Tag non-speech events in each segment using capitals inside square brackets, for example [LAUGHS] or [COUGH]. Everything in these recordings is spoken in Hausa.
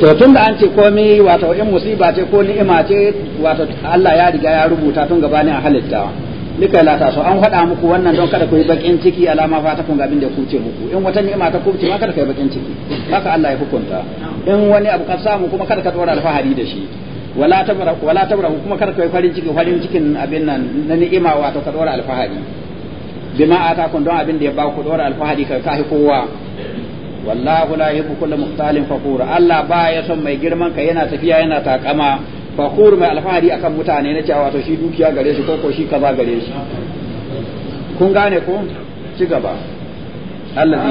to tun da an ce komai wato in musiba ce ko ni'ima ce wato Allah ya riga ya rubuta tun gabani a halitta Ni la ta so an faɗa muku wannan don kada ku yi bakin ciki alama ta kun gabin da kuce muku in wata ni'ima ta kuce ma kada ka yi bakin ciki haka Allah ya hukunta in wani abu ka samu kuma kada ka tsora alfahari da shi wala tabra wala tabra kuma kada ka yi farin ciki farin cikin abin nan na ni'ima wato ka tsora alfahari bima ata kun don abin da ya ba ku tsora alfahari ka kai kowa wallahu la yuhibbu kulla mukhtalin fakhur Allah ba ya son mai girman ka yana tafiya yana takama fakhur mai alfahari akan mutane na cewa to shi dukiya gare shi ko ko shi kaza gare shi kun gane ko ci gaba allah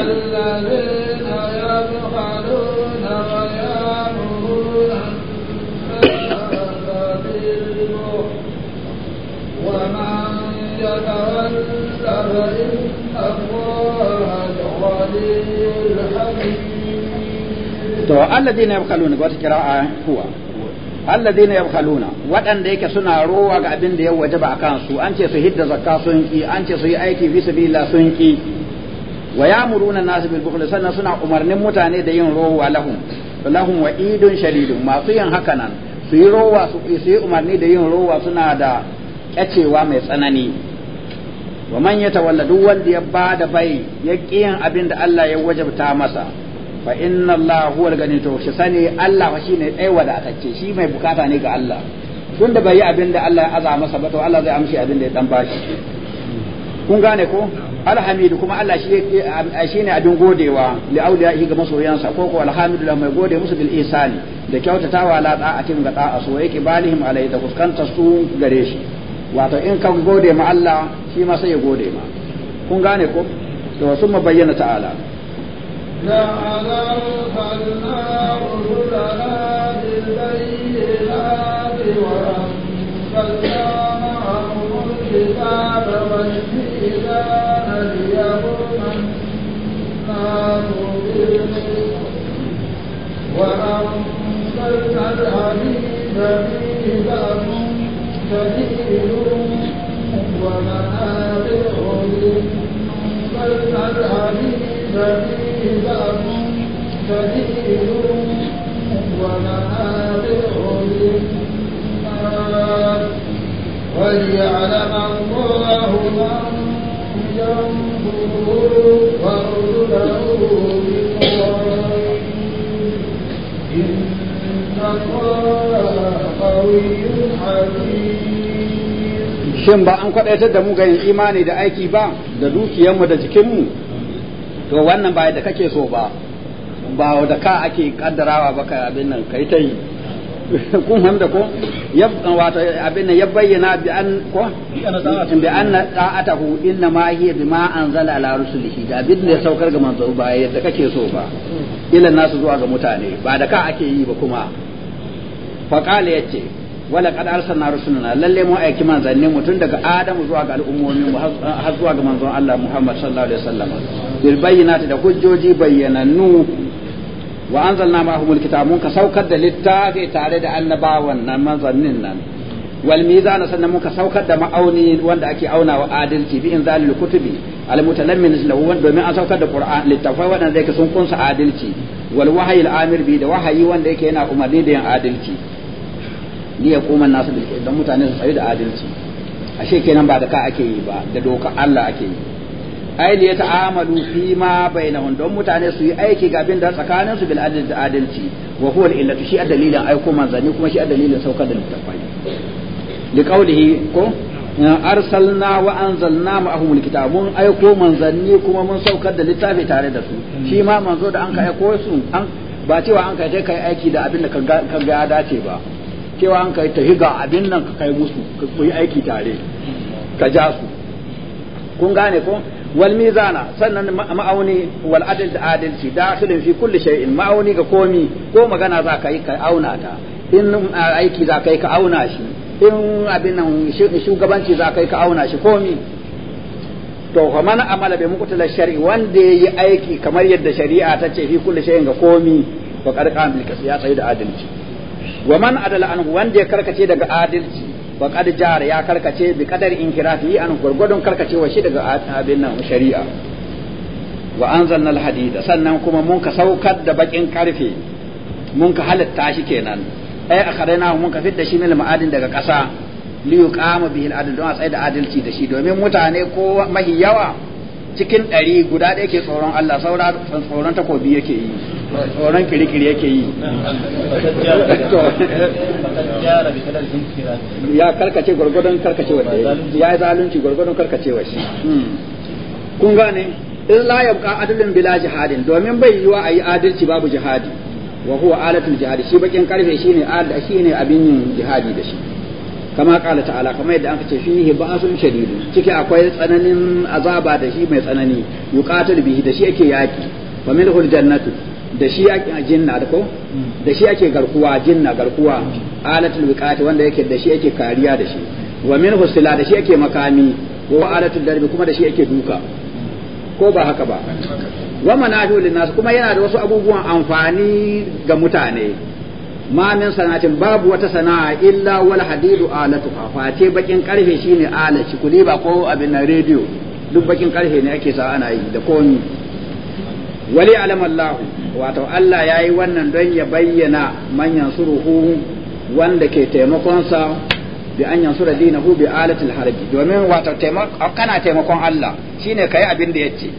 zai to alladina yabkhaluna wata kira'a huwa alladina yabkhaluna waɗanda yake suna rowa ga abinda ya wajaba a kansu an ce su hidda zakka sun ki an ce su yi aiki fi sabilillah sun ki wa ya'muruna nas bil bukhl sannan suna umarnin mutane da yin rowa lahum lahum wa idun shadidun masu yin haka nan su yi rowa su yi umarni da yin rowa suna da kyacewa mai tsanani wa man yatawalla duk wanda ya ba da bai ya yin abin da Allah ya wajabta masa fa inna Allah huwa al to shi sani Allah fa shine dai wadatacce shi mai bukata ne ga Allah tun da bai yi abin da Allah ya aza masa ba to Allah zai amshi abin da ya dan bashi kun gane ko alhamid kuma Allah shi shine abin godewa li auliyahi ga masoyansa ko ko alhamdulillah mai gode musu bil ihsani da kyautatawa la cikin ga da'a so yake balihim alai da fuskantar su gare shi wato in ka gode ma Allah shi ma sai ya gode ma kun gane ko da wasu ma bayyana ta'ala وأنزلنا shin ba an kwaɗaitar da mu ga yin imani da aiki ba da dukiyarmu da jikinmu to wannan ba da kake so ba ba da ka ake ƙaddarawa ba ka abin nan ka yi ta yi [LAUGHS] kun fahimta ko wato abin ya bayyana bi an ko bi an ta'atahu inna ma hiya bima anzala ala rusulihi da abin da ya saukar ga manzo ba yadda kake so ba ila nasu zuwa ga mutane ba da ka ake yi ba kuma fa qala yace wala qad arsalna rusulana lalle mu aiki manzanni tun daga adamu zuwa ga al'ummomin mu har zuwa ga manzon Allah Muhammad sallallahu alaihi wasallam bil bayyinati da hujjoji bayyanannu wa anzalna ma'ahum alkitab mun ka saukar da littafi tare da annabawan nan manzannin nan wal mizan sannan mun ka saukar da ma'auni wanda ake auna wa adalci bi inzalil kutubi al mutalammin lahu domin an saukar da qur'an littafai wadanda yake sun kunsa adalci wal wahyi al amir bi da wahayi wanda yake yana umarni da yin adalci ni ya koma nasu da mutane su tsaye da adalci ashe kenan ba da ka ake yi ba da doka Allah ake yi ai li ta'amalu fi ma bainahum don mutane su yi aiki ga abin da tsakanin su bil adalci wa huwa illatu shi dalilin aiko manzanni kuma shi dalilin saukar da littafai li qawlihi ko arsalna wa anzalna ma'ahum alkitab mun aiko manzanni kuma mun saukar da littafi tare da su shi ma manzo da an ka ko su an ba cewa an kai kai aiki da abin da ka ga ya dace ba cewa an kai tahiga abin nan ka kai musu ku yi aiki tare ka ja su kun gane ko والميزانة سنة sannan ma'auni wal da adalci dakhilin fi kulli shay'in ma'auni ga komi ko magana za ka yi ka auna ta in aiki za ka yi ka auna shi in abin shugabanci za ka auna shi komi to fa man amala bi muqtala shari'a wanda yayi aiki kamar yadda shari'a ta ce fi kulli shay'in ga komi da adalci wa man adala anhu wanda ya karkace daga adalci wa qad jar ya karkace bi qadar inkirafi an gurgudun karkacewa shi daga abin nan shari'a wa anzalna alhadida sannan kuma mun ka saukar da bakin karfe mun ka halatta shi kenan ai akharaina mun ka fitta shi min ma'adin daga kasa li yuqama bihi al don a tsaye da adalci da shi domin mutane ko mahi yawa cikin ɗari guda ɗaya ke tsoron Allah saura tsoron takobi yake yi tsoron kirikiri yake yi ya karkace gwargwadon karkacewa ya yi zalunci gwargwadon karkacewa shi hmm. kun gane in la yabqa adlun bila jihadin domin bai yiwa ayi adalci babu jihadi wa huwa alatul jihadi shi bakin karfe shine shine abin yin jihadi da shi kama kala ala kama yadda an ce fihi ba'sun shadidun ciki akwai tsananin azaba da shi mai tsanani yuqatil bihi da shi yake yaki wa minhu aljannatu da shi yake jinna da ko da shi yake garkuwa jinna garkuwa alatul wiqati wanda yake da shi yake kariya da shi wa minhu sila da shi yake makami wa alatul darbi kuma da shi yake duka ko ba haka ba wa manafi'u linnas kuma yana da wasu abubuwan amfani ga mutane ma min sana'atin babu wata sana'a illa wal hadidu alatu face bakin karfe shine ci kuli ba ko abin na rediyo duk bakin karfe ne ake sa ana yi da komi wali alam Allah wato Allah yayi wannan don ya bayyana manyan suruhu wanda ke taimakon sa bi an yansura dinahu bi alatil harbi domin wato kana taimakon Allah shine kai abin da yace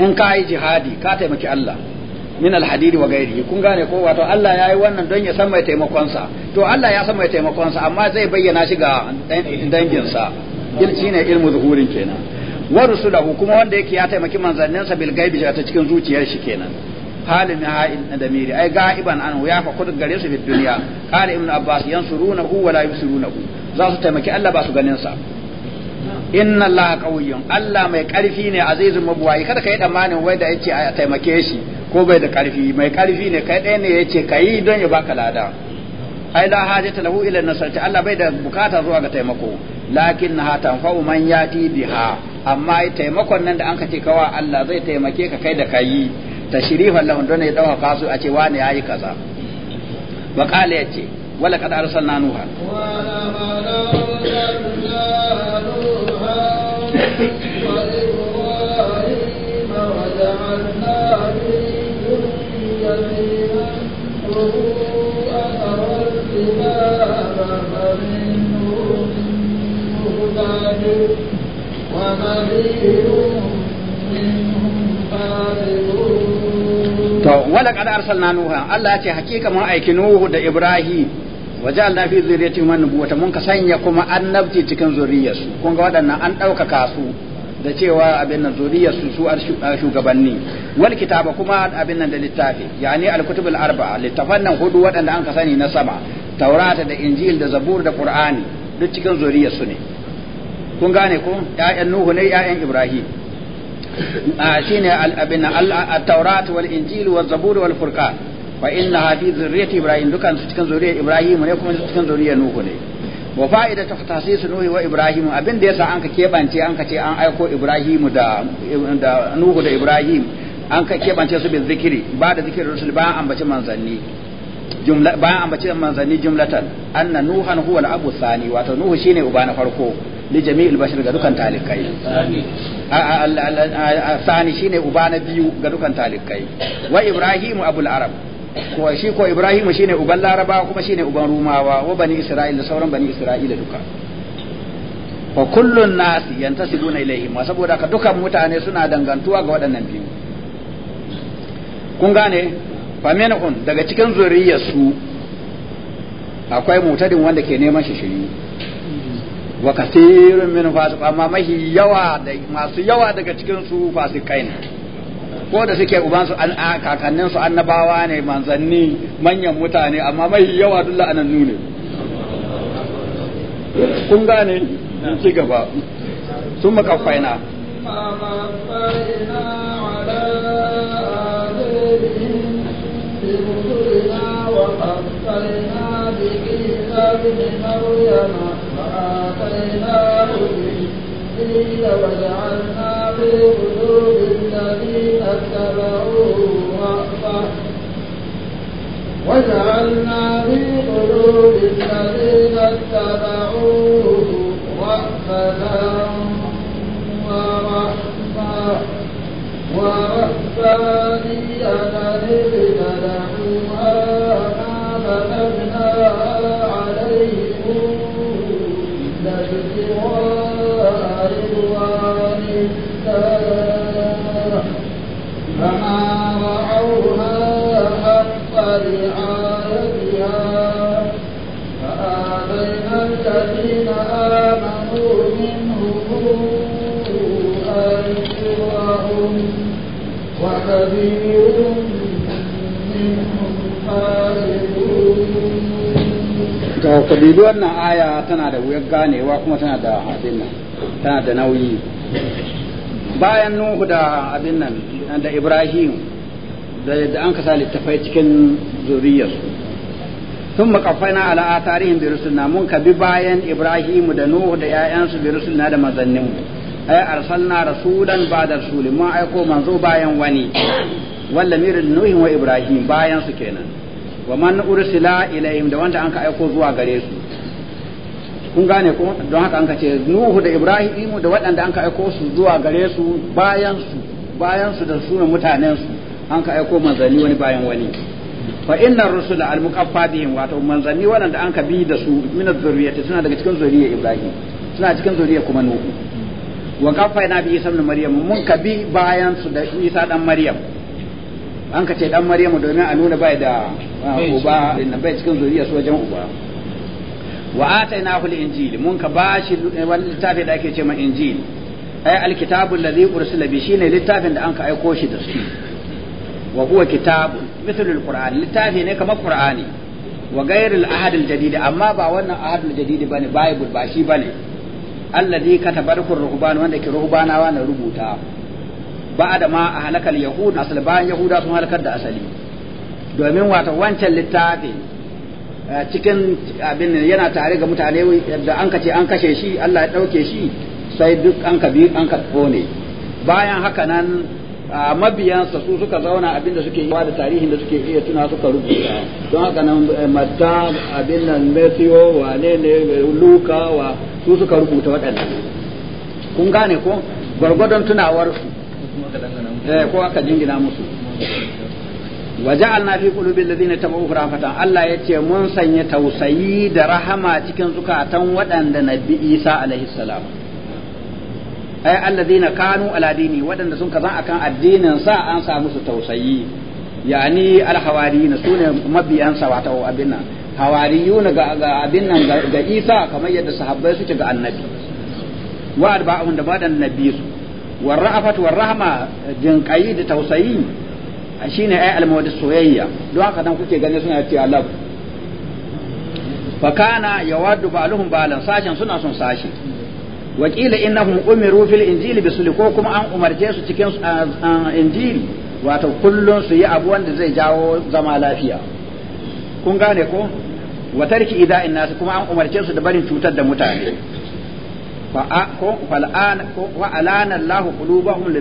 in ka yi jihadi ka taimaki Allah min alhadidi wa gairihi kun gane ko wato Allah ya yi wannan don ya san mai taimakonsa to Allah ya san mai taimakonsa amma zai bayyana shi ga danginsa ilci ne ilmu zuhurin kenan wa rusulahu kuma wanda yake ya taimaki manzanninsa bil gaibi ta cikin zuciyar shi kenan halin ha in damiri ai ga'iban an ya fa kudu gare su bid duniya qala ibn abbas yansurunahu wa la yusirunahu za su taimaki Allah ba su ganin sa inna allaha qawiyyun Allah mai karfi ne azizun mabuwai kada kai tsammanin wai da yake a taimake shi ko bai da karfi mai karfi ne kai ɗaya ne ya ce ka yi don ya baka lada ai la hajata lahu ila nasarati Allah bai da bukata zuwa ga taimako lakin ha tanfa'u man yati biha amma taimakon nan da an kace kawa Allah zai taimake ka kai da kai tashrifan lahu don ya dawa kasu a ce wani yayi kaza wa qala yace wala kad arsalna nuha To, wala ƙada arsalna Nuha, Allah ce hakika mun aiki Nuhu da Ibrahim, waje Allah fi zuriyar mun ka sanya kuma annabci cikin zuriyarsu, kuma ga waɗannan an ɗaukaka su. da cewa abin nan zuriya su su shugabanni wal kitaba kuma abin nan da littafi yani al kutubul arba'a littafan nan hudu waɗanda an ka sani na sama taurata da injil da zabur da qur'ani duk cikin zuriya su ne kun gane ko ya'yan nuhu ne ya'yan ibrahim shine al abin al taurat wal injil wal zabur wal furqan fa inna fi zurriyyati ibrahim dukan su cikin zuriya ibrahim ne kuma cikin zuriya nuhu ne wa fa'ida ta tasisu nuhi wa ibrahim abin da yasa anka kebance anka ce an aiko ibrahim da da nuhu da ibrahim an ka kebance su bil zikiri ba da zikirin rusul ba ambaci manzanni jumla ba ambaci manzanni jumlatan anna nuhan huwa al abu sani wato nuhu shine uba na farko li jami'il bashar ga dukkan talikai sani shine uba na biyu ga dukkan talikai wa ibrahim abul arab ko shi ko Ibrahim shine uban Laraba kuma shine uban Rumawa wa bani Isra'il da sauran bani Isra'ila duka wa kullun nas yantasibuna ilaihim wa saboda ka dukan mutane suna dangantuwa ga waɗannan biyu kun gane fa minhum daga cikin zuriyarsu akwai mutadin wanda ke neman shi shiri wa kasirun min fasiq amma mahi yawa da masu yawa daga cikin su fasikai ne ko da suke ubansu an kakannin su annabawa ne manzanni manyan mutane amma mai yawa duk la'anannu nune kun gane in ci gaba sun makaffaina faina. في قلوب الذين اتبعوه رأفة وجعلنا في قلوب الذين اتبعوه رأفة ورحمة ورحمانية الذين دعوها ما كتبناها kabilu wannan aya tana da wuyar ganewa kuma tana da abin nan tana da nauyi bayan nuhu da abin nan da ibrahim da an kasa littafai cikin zuriyarsu sun makafaina ala a tarihin birisunna mun ka bi bayan ibrahim da nuhu da 'ya'yansu na da mazannin ay arsalna rasulan ba da su mun aiko manzo bayan wani wanda mirin nuhin wa ibrahim bayan su kenan wa man ursila ilayhim da wanda an ka aiko zuwa gare su kun gane ko don haka an ka ce nuhu da ibrahim da waɗanda ka aiko su zuwa gare su bayan su da sunan mutanen su ka aiko manzanni wani bayan wani fa inna rusul al muqaffadin bihim wato manzanni da an ka bi da su min zuriyati suna daga cikin zuriyar ibrahim suna cikin zuriyar kuma nuhu wa qaffayna bi isa ibn maryam mun ka bi bayan su da isa dan maryam an ka ce dan maryam domin a nuna bai da uba ah, inna bai cikin zuriyar su wajen uba wa atainahu al injil mun ka bashi wani littafi da ake ce ma injil ay al kitabul ladhi ursila bi shine littafin da an ka aiko shi da su wa huwa kitabun mithlul qur'an littafi ne kamar qur'ani wa ghairul ahad amma ba wannan ahad al-jadid bane bible ba shi bane alladhi katabarkur ruhban da asali domin wata wancan littafi cikin abin yana tare ga mutane da an kace an kashe shi Allah ya dauke shi sai duk an ka bi an ka kone bayan haka nan mabiyansa su suka zauna abinda suke yi da tarihin da suke iya tuna suka rubuta don haka nan eh, matta abin nan mesiyo wa ne ne eh, luka wa su suka rubuta waɗannan kun gane ko gwargwadon tunawar su eh, ko aka jingina musu وجعلنا في taɓa الذين fata. Allah ya ce mun sanya tausayi da rahama cikin zukatan waɗanda nabi Isa alaihi salam ay allazina kanu ala dini wadanda sun kaza akan addinin sa an sa musu tausayi yani alhawariyina sune mabiyan sa wato abin nan hawariyuna ga abin nan ga Isa kamar yadda sahabbai suke ga annabi wa arba'un da badan nabi su warra'afat rahma jinqayi da tausayi shine ay almawad soyayya don haka dan kuke gani suna ce Allah fa kana yawaddu ba'luhum ba'lan sashen suna son sashi wakila innahum umiru fil injili bisul ko an umarce su cikin ah, ah, injili abu wanda zai jawo zama lafiya kun gane ko wa tarki an umarce su da barin cutar da mutane wa alana Allahu qulubahum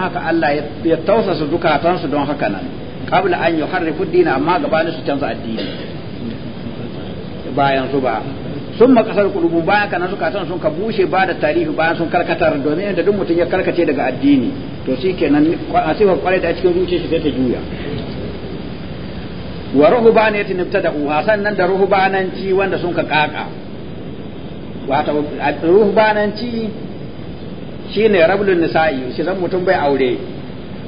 haka Allah ya tausasa zukatansu don haka su canza addini ba sun makasar kurubu baya kana san sun ka bushe ba da tarihi bayan sun karkatar domin yadda duk mutum ya karkace daga addini to shi kenan asifar kwarai da a cikin zuciya shi sai ta juya wa ruhu ne da uwa sannan da ruhu bananci wanda sun ka kaka wato shi shine rabulun nisa'i shi zan mutum bai aure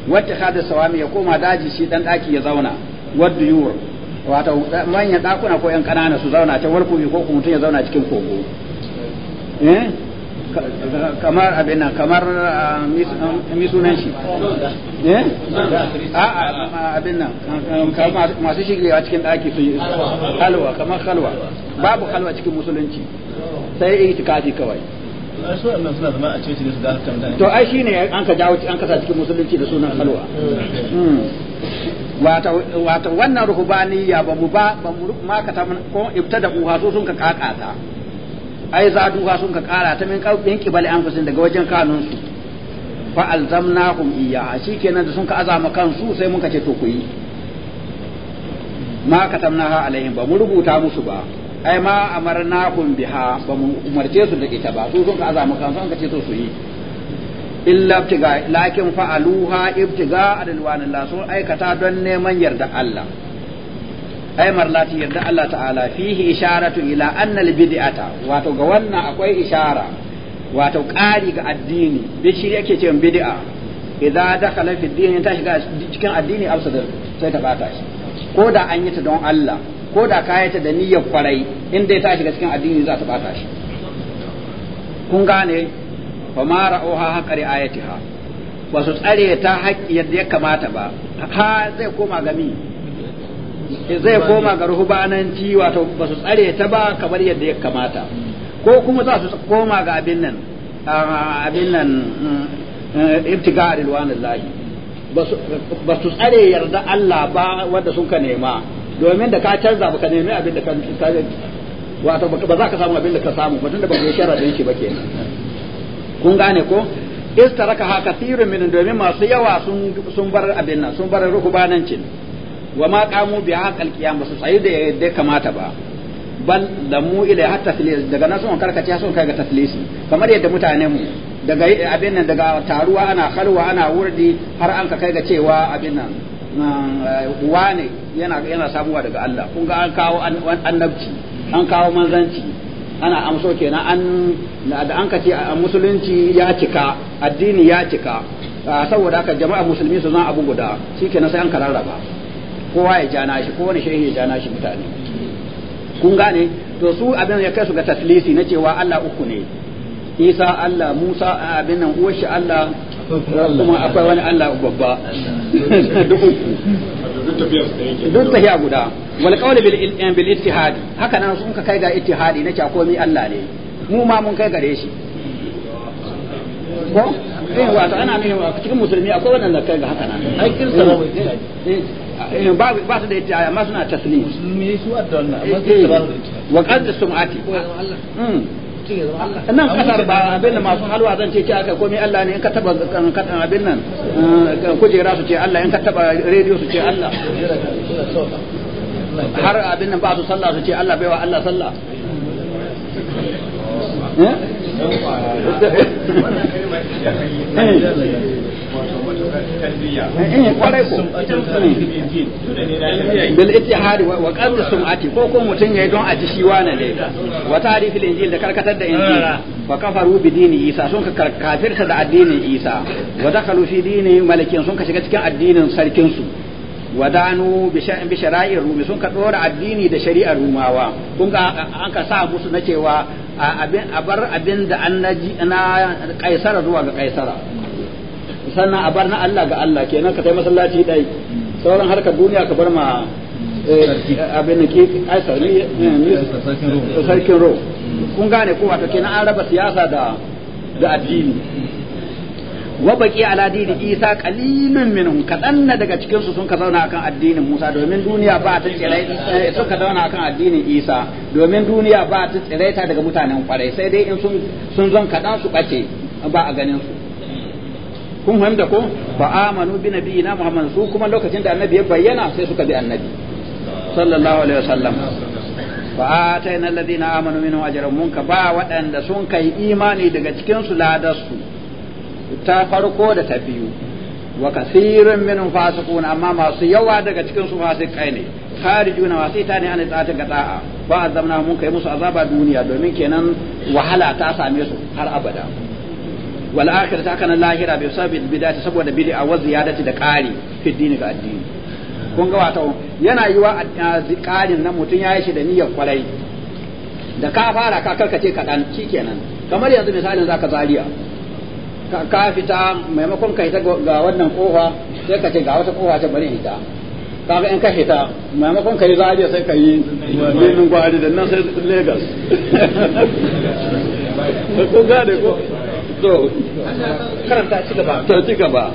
wata kada sawami ya koma daji shi dan daki ya zauna wadda wuri. wato manyan dakuna ko yan kanana su zauna can wal kubi ko kuma mutum ya zauna cikin kogo eh kamar abin nan kamar ah, misunan shi eh a ah, ah, abin nan masu shigilewa cikin daki su yi halwa kamar halwa babu halwa cikin musulunci sai itikafi kawai to ai shine an ka jawo an ka sa cikin musulunci da sunan halwa mm. Mm. wato wannan ruhubaniya ba mu ba ba mu ma ka ta ko ibtada uha so sun ka kakata ai za duha sun ka kara ta min kaubin kibali anfusin daga wajen kanun su fa alzamnahum iyyaha shikenan da sun ka azama kansu sai mun ka ce to ku yi ma katamnaha alaihim ba mu rubuta musu ba ai ma amarnahum biha ba mu umarce su da ita ba su sun ka azama kansu an ka ce to su yi illa ibtiga lakin fa'aluha ibtiga adalwanillah sun aikata don neman yarda Allah ai marlati yarda Allah ta'ala fihi isharatu ila anna albid'ata wato ga wannan akwai ishara wato ƙari ga addini bishi yake cewa bid'a idan dakhala fi dini ta shiga cikin addini afsada sai ta bata shi ko da an yi ta don Allah ko da ka yi ta da niyyar kwarai in dai ta shiga cikin addini za ta bata shi kun gane fa ma ra'uha haqqa ayatiha ba su tsare ta haƙƙi yadda ya kamata ba ha zai koma ga mi zai koma ga ruhubananci wato ba su tsare ta ba kamar yadda ya kamata ko kuma za su koma ga abin nan abin nan eh, ibtiga rilwanillahi ba su tsare yarda Allah ba wanda sun ka nema domin da ka canza ba ka nemi abin da ka wato ba za ka samu abin da ka samu ba da ba ka yi da shi ba kenan kun gane ko istaraka ha kathirun min domin masu yawa sun sun bar abin nan sun bar rukubanancin wa ma qamu bi haqal qiyam su sai da yadda kamata ba bal lamu ila hatta taflis daga nan sun karkace sun kai ga taflisi kamar yadda mutane mu daga abin nan daga taruwa ana kharwa ana wurdi har an ka kai ga cewa abin nan um, wane yana yana samuwa daga Allah kun ga an kawo annabci an kawo manzanci ana amso kenan an da an kace musulunci ya cika addini ya cika saboda haka jama'a musulmi su zan abu guda shikenan sai an kararraba kowa ya jana shi kowane shehi ya jana shi mutane kun gane to su abin ya kai su ga taslisi na cewa Allah uku ne isa Allah Musa abin nan uwashi Allah kuma akwai wani Allah babba [LAUGHS] duk uku duk tafiya guda wal qawl bil eh, bil ittihad haka nan sun ka kai ga ittihadi na cewa komai Allah ne mu ma mun kai gare shi ko eh wato ana nuna wa cikin musulmi akwai wannan da kai ga haka nan ai kin kirsa eh, eh, ba ba su da ita amma suna taslim musulmi su addanna amma su sabo wa qad sum'ati Allah hmm. nan kasar ba abin masu halwa zan ce ce aka komai Allah ne in ka taba kadan abin nan eh, kujera su ce Allah in ka taba su ce Allah har abin nan ba su sallah su ce Allah baiwa Allah sallah eh [LAUGHS] bil ittihad wa qad sum'ati ko ko mutun yayi don a ji shi wane ne wa ta'rif injil da karkatar da injil fa kafaru bi dini isa sun ka kafirta da addinin isa wa dakhalu fi dini malikin sun ka shiga cikin addinin sarkin su wa danu bi shara'ir rumi sun ka dora addini da shari'ar rumawa kun ga an ka sa musu na cewa a bar abin da an na kaisara zuwa ga kaisara sannan a bar na Allah ga Allah kenan ka kai masallaci dai sauran harkar duniya ka bar ma eh, abin da ke aisar ne sarkin ro kun gane ko wato kenan an raba siyasa da da addini wa baki ala dini isa qalilun minhum kadan na daga cikin su sun ka zauna akan addinin Musa domin duniya ba ta tsiraita eh, sun ka zauna akan addinin Isa domin duniya ba ta ta daga mutanen kwarai sai dai in sun sun zon kadan su bace ba a ganin su kun fahimta ko fa amanu bi nabiyina muhammad su kuma lokacin da annabi ya bayyana sai suka bi annabi sallallahu alaihi wasallam fa atayna alladhina amanu minhum ajran ka ba waɗanda sun kai imani daga cikin su ladarsu ta farko da ta biyu wa kathirun minhum fasiqun amma masu yawa daga cikin su fasikai ne kharijuna wasita ne an tsata ga da'a fa azamna mun kai musu azaba duniya domin kenan wahala ta same su har abada wal akhiratu kana lahira bi sabi bidati saboda bid'a wa ziyadati da qari fi dini ga addini kun ga wato yana yiwa qarin nan mutun yayi shi da niyyar kwarai da ka fara ka karkace kadan shikenan kamar yanzu misalin zaka zariya ka fita maimakon ka hita ga wannan kofa sai ka ce ga wata kofa ta bari hita ga in ka hita maimakon ka yi zariya sai ka yi birnin gwari da nan sai lagos ko ko to karanta ci gaba to ci gaba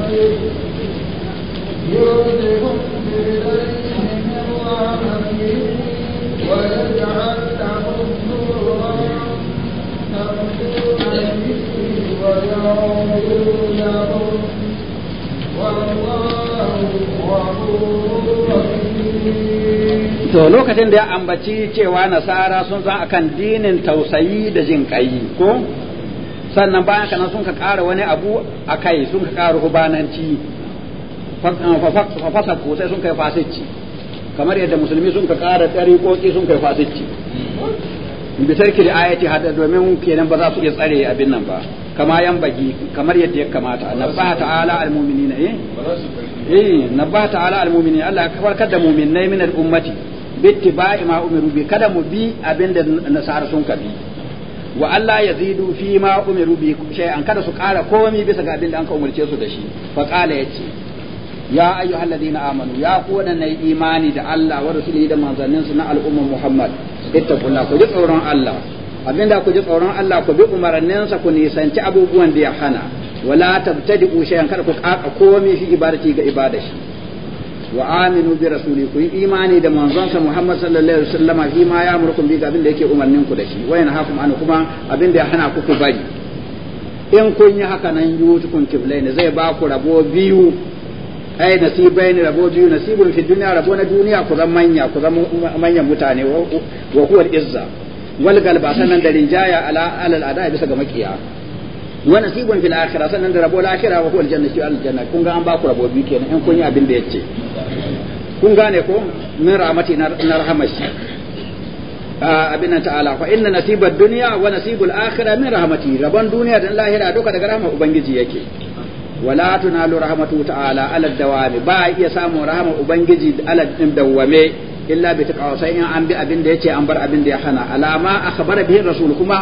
Thank [LAUGHS] you. to lokacin da ya ambaci cewa nasara sun san akan dinin tausayi da jin kai ko sannan bayan kana sun ka ƙara wani abu a kai sun ka ƙara hubananci fafasaku sai sun kai fasici kamar yadda musulmi sun ka ƙara ɗariƙoƙi sun kai fasici bitarki da ayati hada domin kenan ba za su iya tsare abin nan ba kama yan bagi kamar yadda ya kamata nabbaha ta'ala almu'minina eh eh nabbaha ta'ala almu'minina Allah ya kafar kada mu'minnai min al-ummati ba ma umiru bi kada mu bi abinda nasara sun ka bi wa Allah ya zidu fi ma umiru bi an kada su kara komai bisa ga abinda an ka umurce su da shi fa qala yace ya ayyuhal ladina amanu ya ku wadanne imani da Allah wa rasulihi da manzannin su na al'umma Muhammad ittaqullah ku ji tsoron Allah abinda ku ji tsoron Allah ku bi umarninsa ku nisanci abubuwan da ya hana wala tabtadi'u an kada ku kaka komai fi ibadati ga ibadashi wa aminu bi rasuli ku imani da manzonsa Muhammad sallallahu alaihi wasallam shi ma ya amurkum bi abin da yake umarnin ku da shi wa hakum an kuma abin da ya hana ku ku bari in kun yi haka nan kiblai ne zai ba ku rabo biyu ai ne rabo biyu nasibun fi dunya rabo na duniya ku zan manya ku zan manyan mutane wa huwa izza wal galba sanan da rinjaya ala alal ada bisa ga makiya wa nasibun fil akhirah sannan da rabo al-akhirah wa huwa al-janna shi al an ba ku rabo biyu kenan in kun yi abin da yace kun gane ko min rahmati na rahmashi ah, abin nan ta'ala fa inna nasibad dunya wa nasibul akhirah min rahmati rabon duniya da lahira duka daga rahmar ubangiji yake wala tunalu rahmatu ta'ala ala ba iya samun rahmar ubangiji ala dawame illa bi taqwa sai in an bi abin da yace an bar abin da ya hana alama akhbara bihi rasul kuma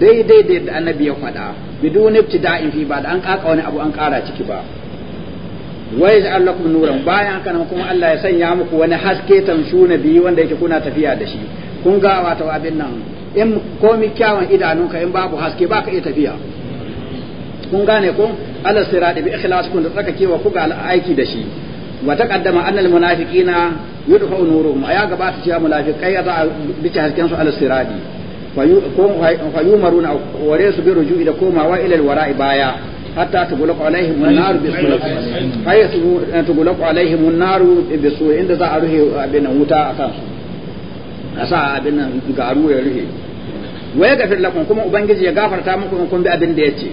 daidai da annabi ya faɗa bidun ibtida'in fi ba da an kaka wani abu an kara ciki ba wa yaj'al lakum nuran bayan kana kuma Allah ya sanya muku wani haske tamshuna biyu wanda yake kuna tafiya da shi kun ga wato abin nan in komi kyawun idanunka in babu haske baka iya tafiya kun gane ko ala sirati bi ikhlas kun da kewa ku ga aiki da shi وتقدم أن المنافقين يدفع نورهم أيا قبات شيئا منافقين يضع بتهز كنسو على السراج فيؤمرون وليس برجوع إلى كوما وإلى الوراء بايا حتى تغلق عليهم النار بسوء فهي تغلق عليهم النار بسوء عند ذا أروه أبنا موتا أكاسو أسا أبنا قارو يروه ويغفر لكم كما أبنجز يغفر تامكم كم بأبن ديتي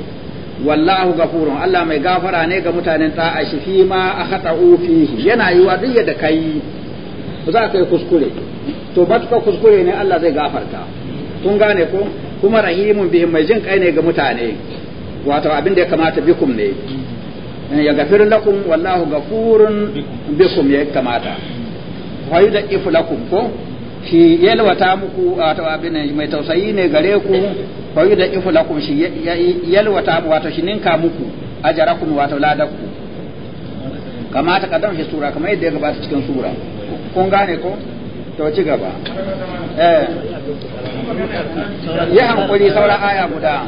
wallahu gafurun Allah mai gafara ne ga mutanen ta'a shi fi ma haɗa ufi yana yi wa duk da kai za ka yi kuskure to ka kuskure ne Allah zai gafarta tun gane ko kuma rahimun bihim mai jin kai ne ga mutane wato abin da ya kamata bikum ne eh, ya gafir lakum wallahu gafurun bikum ya kamata wa lakum ko shi yalwata muku wato abin mai tausayi ne gare ku fa da ifu lakum shi yalwata wato shi ninka muku ajarakum wato ladakku kama ta kadan shi sura kama yadda ya gabata cikin sura kun gane ko to ci gaba eh ya hankuri saura aya guda ya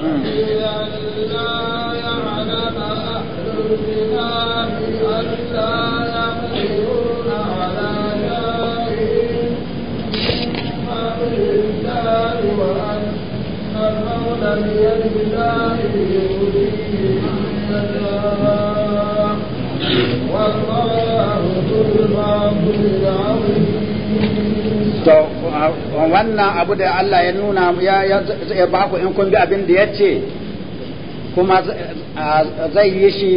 hmm. بيد الله من والله ذو الفضل العظيم wannan abu da Allah ya nuna ya ba ku in kun bi abin da ya ce kuma zai yi shi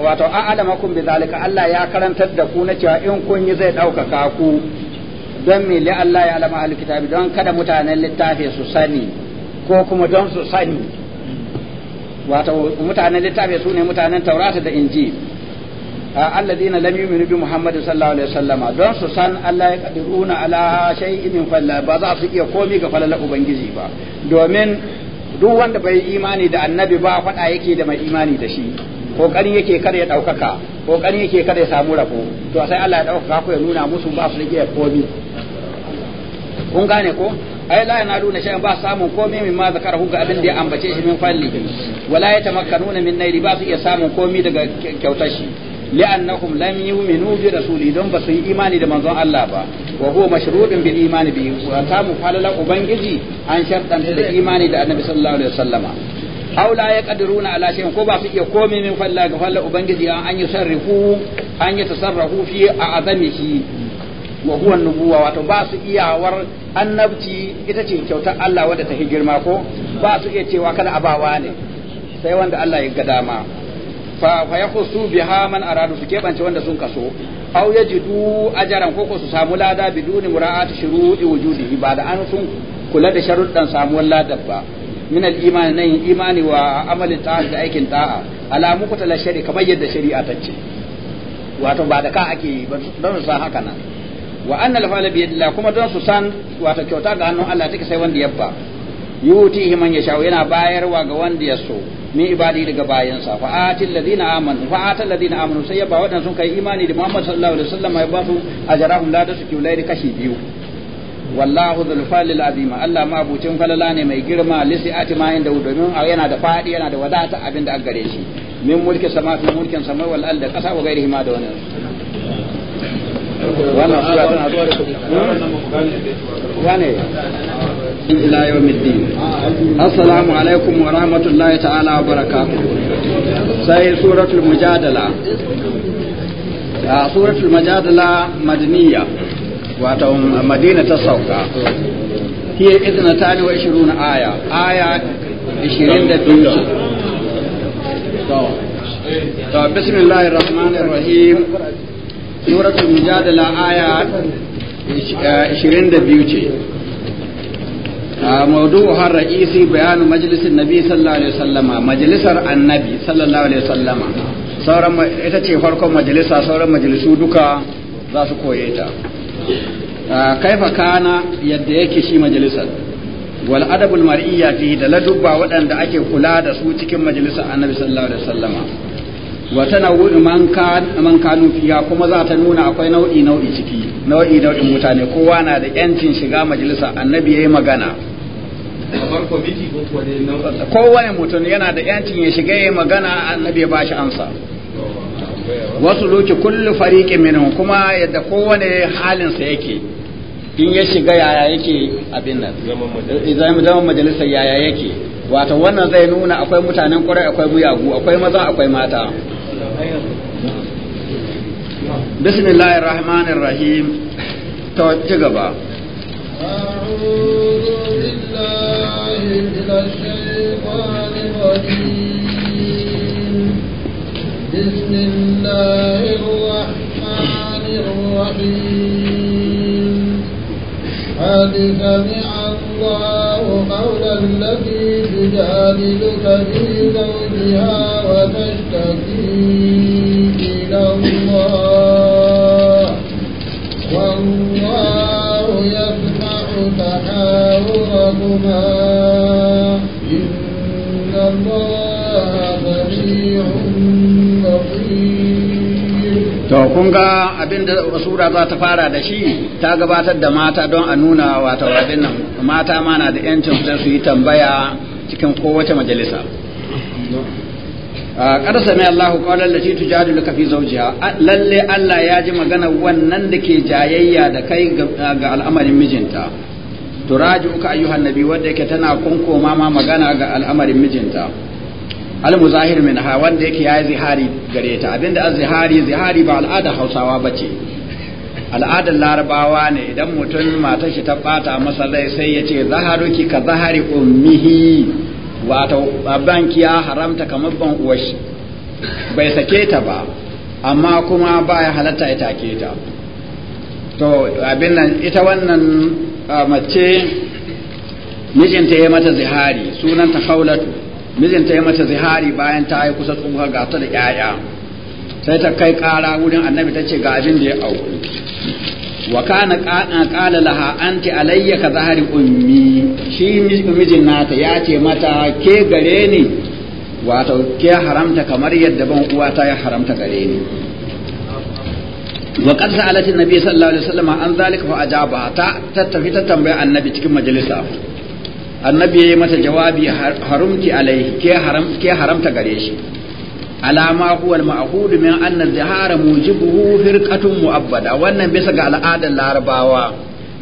wato an adama kun bi zalika Allah ya karantar da ku na cewa in kun yi zai ɗaukaka ku don me li Allah ya alama ahlul kitabi don kada mutanen littafi su sani ko kuma don su sani wato mutanen littafi su ne mutanen taurata da injil alladina lam yu'minu bi muhammad sallallahu alaihi wasallama don su san Allah ya qadiruna ala shay'in min falla ba za su iya komi ga falala ubangiji ba domin duk wanda bai imani da annabi ba faɗa yake da mai imani da shi kokari yake kada ya ɗaukaka kokari yake kada ya samu rabo to sai Allah ya ɗaukaka ko ya nuna musu ba su iya komi kun gane ko ai la yanalu na shay'an ba samun komai min ma zakara ga abin da ya ambace shi min falli wala tamakkanuna min nairi ba su iya samun komai daga kyautar shi li'annahum lam yu'minu bi rasuli don ba su yi imani da manzon Allah ba wa huwa mashrudun bil imani bi wa samu falala ubangiji an shartan da imani da annabi sallallahu alaihi wasallama aw la yaqdiruna ala shay'in ko ba su iya komai min falla ga falla ubangiji an yi sarrafu an yi fi a shi wa huwa nubuwa wato ba su iyawar annabci ita ce kyautar Allah wadda ta girma ko ba su iya cewa kada abawa ne sai wanda Allah ya ga dama fa fa yakhusu biha man aradu su kebance wanda sun kaso aw yajidu ajaran ko ko su samu lada biduni mura'ati shuru'i wujudi ba da an sun kula da sharuddan samuwar lada ba min al-iman nan imani wa amalin ta'a da aikin ta'a alamu kutala shari'a kamar yadda shari'a ta ce wato ba da ka ake ba don sa haka nan wa anna al-fa'la bi yadillah kuma don su san wato kyauta ga hannun Allah take sai wanda ya ba yutihi man yasha yana bayarwa ga wanda ya so min ibadi daga bayan sa fa atil ladina amanu fa atil ladina amanu sai ya ba sun kai imani da Muhammad sallallahu alaihi wasallam ya ba su ajrahum la da su kiulai kashi biyu wallahu dhul falil azim Allah ma abucin falala ne mai girma lisi atima inda domin yana da fadi yana da wadata abinda an gare shi min mulki sama mulkin sama wal al da kasa wa gairihi ma da wani يعني إلى يوم الدين السلام عليكم ورحمة الله تعالى وبركاته سي سورة المجادلة آه، سورة المجادلة مدنية واتهم مدينة الصوكة هي اثنتان وعشرون آية آية عشرين دبيوش طيب. طيب، بسم الله الرحمن الرحيم suratul mujadala aya 22 eh, ce موضوعها الرئيسي بيان مجلس النبي صلى الله عليه وسلم مجلس النبي صلى الله عليه وسلم sauran ita ce farkon Majlisa sauran majalisu duka za su koye ta ah, kaifa kana yadda yake shi Majlisar. wal adabul mar'iyya da laduba waɗanda ake kula da su cikin majalisar annabi sallallahu alaihi wa tana man man kanu fiha kuma za ta nuna akwai nau'i nau'i ciki nau'i nau'in mutane kowa na da yancin shiga majalisa annabi yayi magana kowane mutum yana da yancin ya shiga yayi magana annabi ya bashi ansa wasu luki kullu fariqin minhum kuma yadda kowane halin sa yake in ya shiga yaya yake abin nan zaman majalisar eh, yaya yake wato wannan zai nuna akwai mutanen kwarai akwai muyagu akwai maza akwai mata بسم الله الرحمن الرحيم توجه با أعوذ بالله من الشيطان الرجيم بسم الله الرحمن الرحيم قد سمع الله قول التي تجادلك في زوجها وتشتكي kun ga abin da sura za ta fara da shi ta gabatar da mata don a nuna wata abin nan mata ma na da yancin su yi tambaya cikin kowace majalisa kada sami Allah kawalar da shi luka fi zaujiya lalle Allah ya ji magana wannan da ke jayayya da kai ga al'amarin mijinta uka ayyuhan nabi wanda yake tana kunkoma ma magana ga al'amarin mijinta al-muzahir min ha wanda yake yayi zihari gare ta abinda az-zihari zihari ba al'ada Hausawa bace al'adar larabawa ne idan mutum matar shi ta bata masa rai sai ya ce zaharuki ka zahari ummihi wato banki ya haramta kamar ban uwashi bai sake ta ba amma kuma ba ya halatta ya take ta to abin nan ita wannan a mace mijinta ya mata zihari sunanta haulatu mijinta ya mata zihari bayan ta yi kusa tsohuwa ga ta da yaya sai ta kai kara wurin annabi ta ce ga abin da ya auku wa kana qala laha anti alayya ka zahari ummi shi mijin nata ya ce mata ke gare ni wato ke haramta kamar yadda ban uwa ta ya haramta gare ni wa qad sa'alat an-nabi sallallahu alaihi wasallam an zalika fa ajaba ta tattafi ta tambayi annabi cikin majalisa annabi ya yi mata jawabi harumti alaihi ke haramta gare shi alama huwa al min anna zihara mujibuhu firqatun mu'abbada wannan bisa ga al'adar larabawa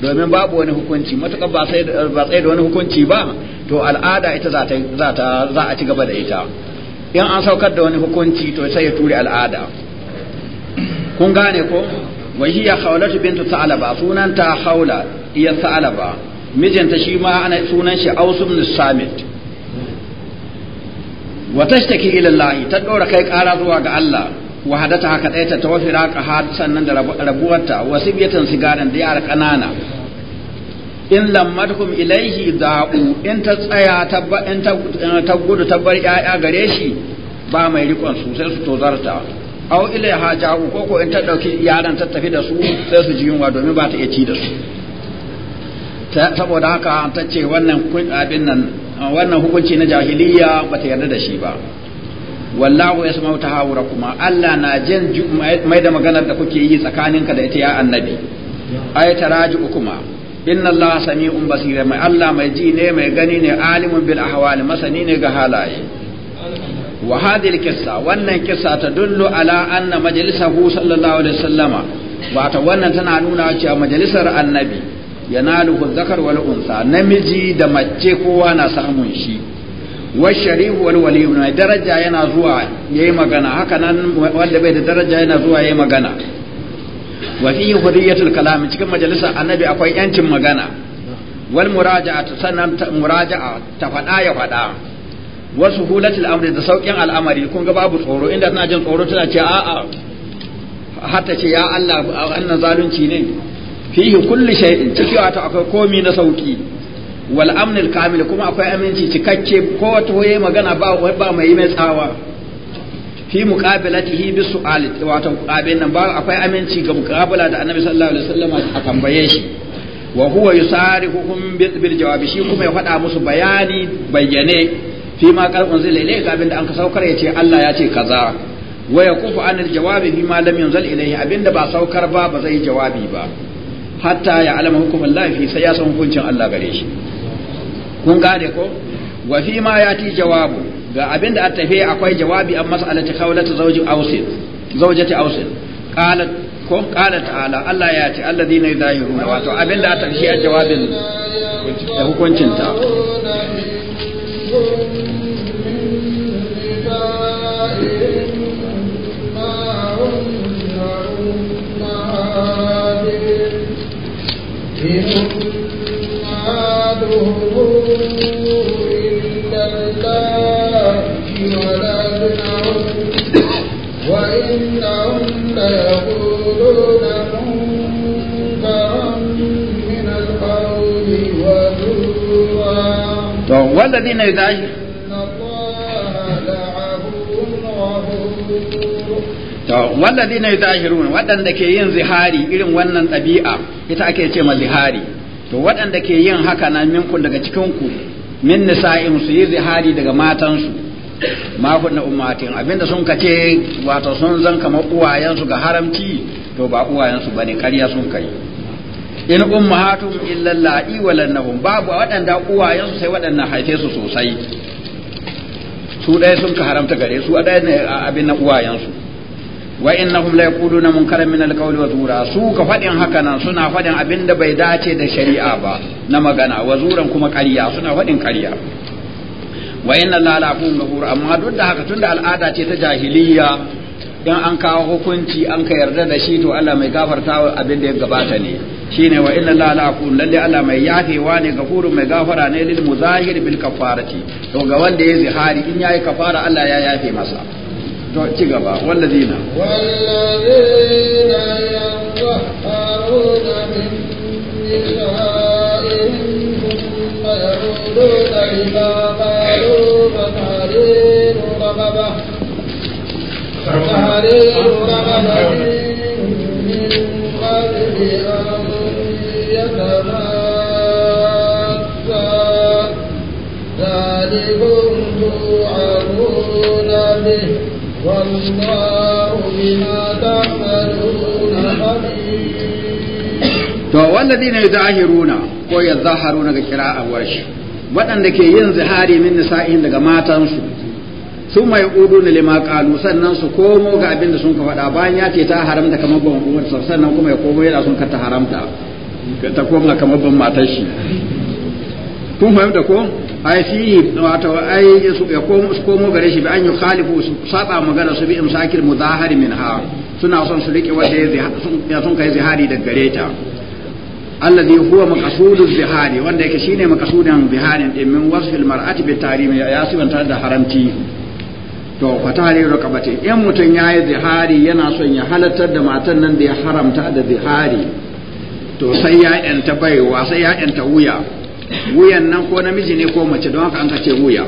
domin babu wani hukunci matuƙa ba sai da wani hukunci ba to al'ada ita za a ci gaba da ita in an saukar da wani hukunci to sai ya tura al'ada kun gane ko wa hiya khawlatu bintu sa'alaba ta haula iya sa'alaba mijinta shi ma ana sunan shi aus samit wa tashtaki ila allah ta dora kai kara zuwa ga allah wa hadata haka dai ta tawfira ka har sannan da rabuwarta wasibiyatan sigaran da yara kanana in lammatkum ilaihi da'u in ta tsaya ta gudu ta bar 'ya'ya gare shi ba mai rikon su sai su tozarta au ila ha ku ko ko in ta dauki yaran ta tafi da su sai su ji yunwa domin ba ta iya ci da su saboda haka ta ce wannan abin nan wannan hukunci na jahiliya ba ta yarda da shi ba wallahu ya ta tahawura kuma Allah na jin mai da maganar da kuke yi tsakaninka da ita ya annabi ay taraji'u kuma inna Allah sami'un basira mai Allah mai ji ne mai gani ne alimun bil ahwali masani ne ga halaye wa hadhihi wannan kisa ta dullu ala anna majlisahu sallallahu alaihi wasallama wato wannan tana nuna cewa majalisar annabi yanaluhu zakar wal unsa namiji da mace kowa na samun shi wa sharifu wal wali daraja yana zuwa yayi magana haka nan wanda bai da daraja yana zuwa ya yi magana wa fi hurriyatul kalam cikin majalisar annabi akwai yancin magana wal muraja'a sannan muraja'a ta faɗa ya faɗa Wasu suhulatul amri da saukin al'amari kun ga babu tsoro inda tana jin tsoro tana ce a'a har ta ce ya Allah annan zalunci ne fihi kulli shay'in ciki ta akwai komi na sauki wal amnil kamil kuma akwai aminci cikakke ko wata hoye magana ba ba mai mai tsawa fi muqabilatihi bi su'al wato abin nan ba akwai aminci ga muqabala da annabi sallallahu alaihi wasallam a tambaye shi wa huwa yusarihuhum bil jawabi shi kuma ya faɗa musu bayani bayyane fi ma zai unzila ga abinda an ka saukar ce Allah ya ce kaza wa yakufu anil jawabi fi ma lam yanzal ilayhi abinda ba saukar ba ba zai jawabi ba hatta ya alama hukumin lafi sai ya san hukuncin Allah gare shi kun gane ko wa fi ma yati jawabu ga abinda an tafe akwai jawabi an mas'alati khawlati zawji awsin zawjati awsin qalat ko kala ta'ala Allah ya ce alladhina yudahiruna wato abinda da tafe a jawabin da hukuncin ta والذين يدعون to والذين يظاهرون waɗanda ke yin zihari irin wannan ɗabi'a ita ake ce ma zihari to waɗanda ke yin haka na minkun daga cikin ku min nisa'in su yi zihari daga matansu ma na ummatin abinda sun kace wato sun zan uwayen uwayensu ga haramci to ba uwayensu bane ƙarya sun kai in ummahatum illa la'i walannahum babu waɗanda uwayensu sai waɗannan haife su sosai su ɗaya sun ka haramta gare su a ɗaya ne abin na uwayensu wa innahum la yaquluna munkaran min al-qawli wa zura su ka fadin haka nan suna fadin abinda bai dace da shari'a ba na magana wa zuran kuma ƙarya suna fadin ƙarya wa inna la kun amma duk da haka tunda al'ada ce ta jahiliyya in an kawo hukunci an ka yarda da shi to Allah mai gafarta abinda ya gabata ne shine wa inna la kun lalle Allah mai yafewa ne gafurun mai gafara ne lil muzahir bil kafarati to ga wanda ya zihari in yayi kafara Allah ya yafe masa to ci gaba wallazina wallazina yadhharuna min nisa'ihim thumma ya'uduna lima qalu fatahriru raqaba fatahriru raqabatin min qabli an yatamassa ذلكم توعظون به To بما تعملون to walladina na, ko na ga kira a washi waɗanda ke yin zihari min nisa'in daga matansu sun mai udu na lima kalu sannan su komo ga abinda sun ka faɗa bayan ya ce ta haramta kamar ban umar sannan kuma ya komo yana sun ka ta haramta ta koma kamar ban matar shi kun fahimta ko ai fihi wato ai su ya komo su komo gare shi bi an yi khalifu su saba magana su bi imsakil mudahari min ha suna son su rike wanda ya sun kai zihari da gare ta alladhi huwa maqsudu zihari wanda yake shine maqsudan zihari din min wasfil mar'ati bi tarimi ya ta da haramti to fatari raqabati in mutun yayi zihari yana son ya halartar da matan nan da ya haramta da zihari to sai ya yanta baiwa sai ya yanta wuya wuyan nan ko namiji ne ko mace don haka an kace wuya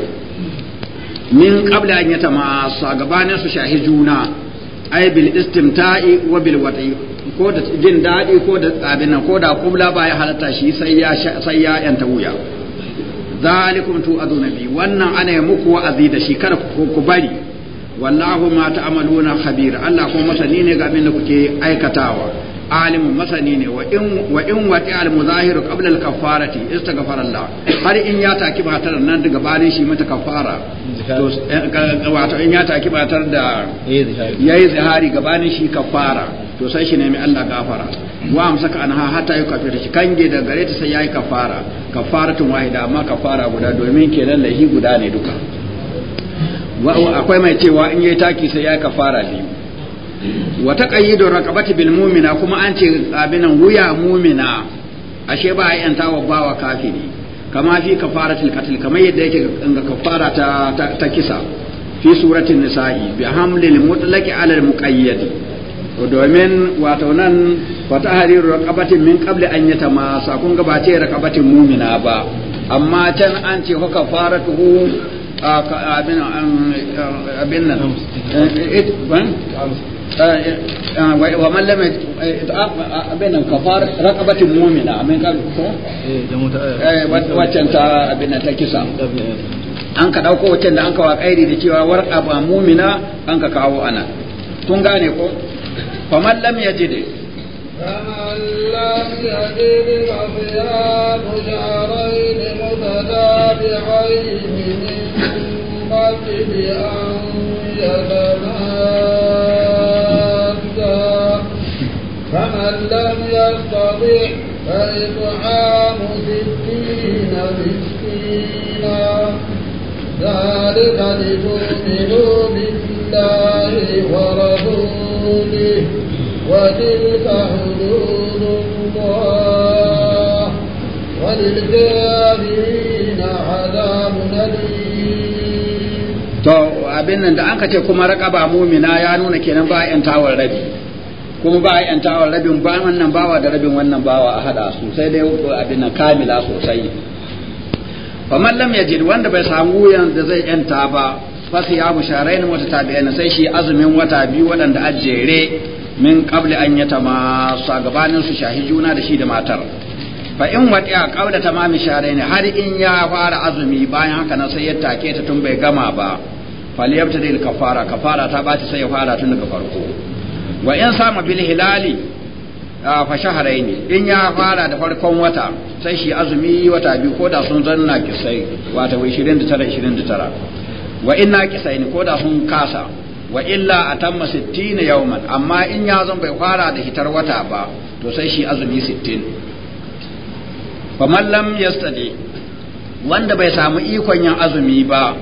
min qabla an yatamassa gabanin su shahi juna ay bil istimta'i wa bil wati ko da jin dadi ko da tsabina ko da kubla ba ya halatta shi sai ya sai ya yanta wuya zalikum tu adunabi wannan ana muku wa'azi da shi kada ku bari wallahu ma ta'maluna khabir Allah ko masani ne ga abin da kuke aikatawa alim masani ne wa in wa wati al muzahir qabla al kafarati istaghfar Allah har in ya taki batar nan daga bayan shi mata kafara to eh, wato in ya taki batar da eh, yayi zihari gabanin shi kafara to sai shi nemi Allah gafara wa amsaka anha hatta kafira shi kange da gare ta sai yayi kafara kafaratun wahida amma kafara guda domin kenan lahi guda ne duka akwai mai cewa in yayi taki sai yayi kafara biyu wa taqayyidu raqabati bil mu'mina kuma an ce abinan wuya mu'mina ashe ba a yanta wa bawa kafiri kama fi kafaratul qatl kamar yadda yake ga kafara ta ta kisa fi suratul nisa'i bi hamlil mutlaqi ala al muqayyad domin wato nan wata hariru raqabati min qabli an yatamasa kun ga ba ce raqabatin mu'mina ba amma can an ce ka faratuhu abin abin nan ومن لم يتعاق بين الكفار رقبة مؤمنة من قبل وچن تا بين تكسا an دوكو ɗauko waccan da دي kawo ƙairi da cewa war ba mumina an ka kawo ana فمن لم يجد فصيام جارين متتابعين من قبل أن يتوب لم يستطع فإطعام ستين مسكينا ذلك لتؤمنوا بالله ورسوله وتلك حدود الله وللكافرين عذاب أليم. To abin nan da an ka ce kuma raƙaba mumina ya nuna kenan ba 'yan tawar kuma ba a yantawa rabin wannan bawa da rabin wannan bawa a hada su sai dai abin kamila sosai man lam yajid wanda bai samu wuyan da zai yanta ba sai ya musharain wata ne sai shi azumin wata biyu wadanda a jere min qabli an yata ma gabanin su shahi juna da shi da matar fa in a qabla tamami ne har in ya fara azumi bayan haka na sai ya take ta tun bai gama ba falyabtadil kafara kafara ta ba ta sai ya fara tun daga farko wa in sama bil hilali fa shahrayn in ya fara da farkon wata sai shi azumi wata biyu ko da sun zanna kisai wata 29 29 wa inna kisaini ko da sun kasa wa illa atamma 60 yawman amma in ya zan bai fara da hitar wata ba to sai shi azumi 60 faman lam yastadi wanda bai samu ikon yin azumi ba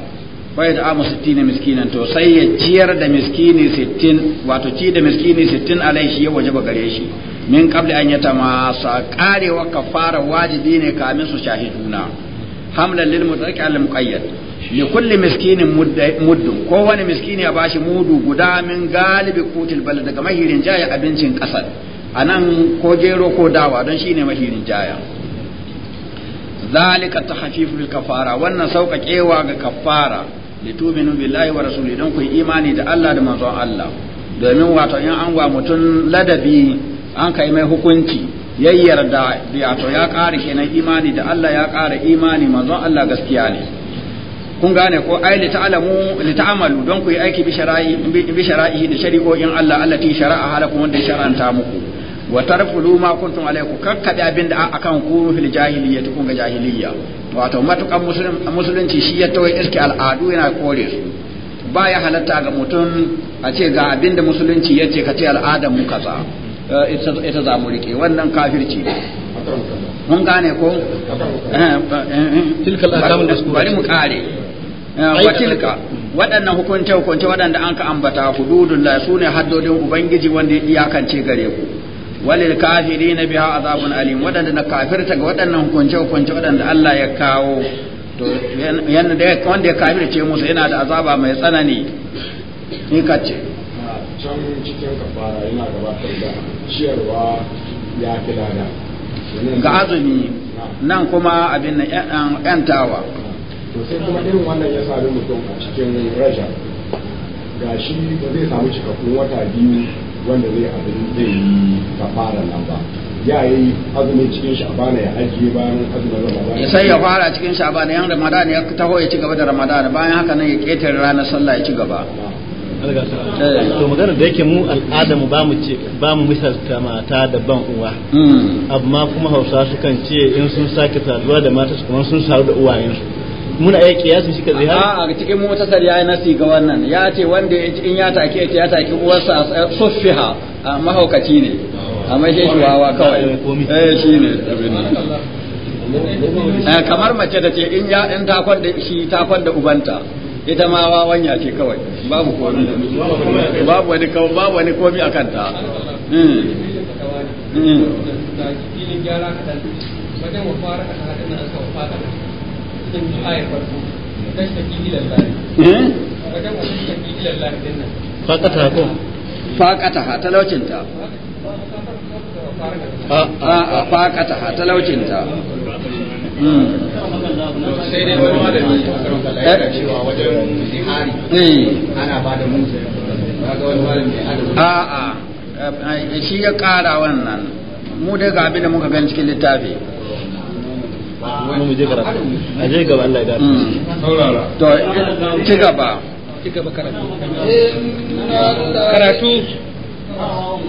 bai da amu sittina miskinan to sai ya ciyar da miskini sittin wato ci da miskini sittin alai shi ya waje gare shi min qabli an yata masa karewa kafara wajibi ne kamin su shahiduna hamlan lil mutaqi al muqayyad li kulli miskinin muddun ko wani miskini ya bashi mudu guda min galibi kutil balad daga mahirin jaya abincin kasar anan ko gero ko dawa don shine mahirin jaya zalika tahfiful kafara wannan sauƙaƙewa ga kafara litubinu billahi wa rasuli don kuyi imani da Allah da manzon Allah domin wato in an mutum ladabi an kai mai hukunci yayyarda wato ya ƙara kenan imani da Allah ya ƙara imani manzon Allah gaskiya ne kun gane ko ai li ta'lamu don kuyi aiki bi shara'i bi shara'i da shari'o'in Allah allati shari'a halakum wanda shar'anta muku wa tarkulu ma kuntum alaiku kakkabe abinda da akan ku fil jahiliyya tukun ga jahiliyya wato matukan musulunci shi ya tawai iske al'adu yana kore su ba ya halatta ga mutum a ce ga abinda musulunci ya ce ka ce al'adar mu kaza eh, ita za mu rike wannan kafirci ne mun gane ko eh, eh, bari mu kare watilka waɗannan hukunce hukunce waɗanda an ka ambata hududullah su ne haddodin ubangiji wanda ya iyakance gare ku walil na biha azabun alim wadanda na kafirta ga wadannan hukunce hukunce wadanda Allah ya kawo to yana da wanda ya kafirce musu yana da azaba mai tsanani ni kace ah, can cikin kafara yana gabatar da ciyarwa ya fi lada ga azumi ah. nan kuma abin nan yantawa to sai kuma irin wannan ya sami mutum a cikin raja gashi ba zai samu cikakkun wata biyu wanda zai abin zai yi kafara nan ba ya yi azumin cikin sha'ban ya ajiye bayan azumin ramadan ya sai ya fara cikin sha'ban yan ramadan ya taho ya ci gaba da ramadan bayan haka nan ya ketare ranar sallah ya ci gaba eh, to magana da yake mu al'ada mu bamu ce bamu misalta mata da ban uwa hmm. amma kuma hausa kan ce in sun sake saduwa da mata su kuma sun saru da uwayensu muna iya kiyasin shi ka zai a a cikin mutasar ya yi nasi ga wannan ya ce wanda in ya take ya take uwarsa a a mahaukaci ne amma mai shi wawa kawai eh shi ne eh, kamar mace da ce in ya in ta kwanda shi ta kwanda ubanta ita ma ya ce kawai babu komi babu wani kawai babu wani komi hmm. Hmm. wajen a hadin nan aka wafara faƙata mm. eh? ko faƙata ha talaucinta a faƙata ha talaucinta hmm. sai dai wani malami ya eh? cewa wajen zihari eh. ana ba da a a shi ya ƙara wannan mu dai ga abin da muka gan cikin littafi mu je gara a je gaba Allah ya gara hmm. saurara to ci gaba ci gaba karatu karatu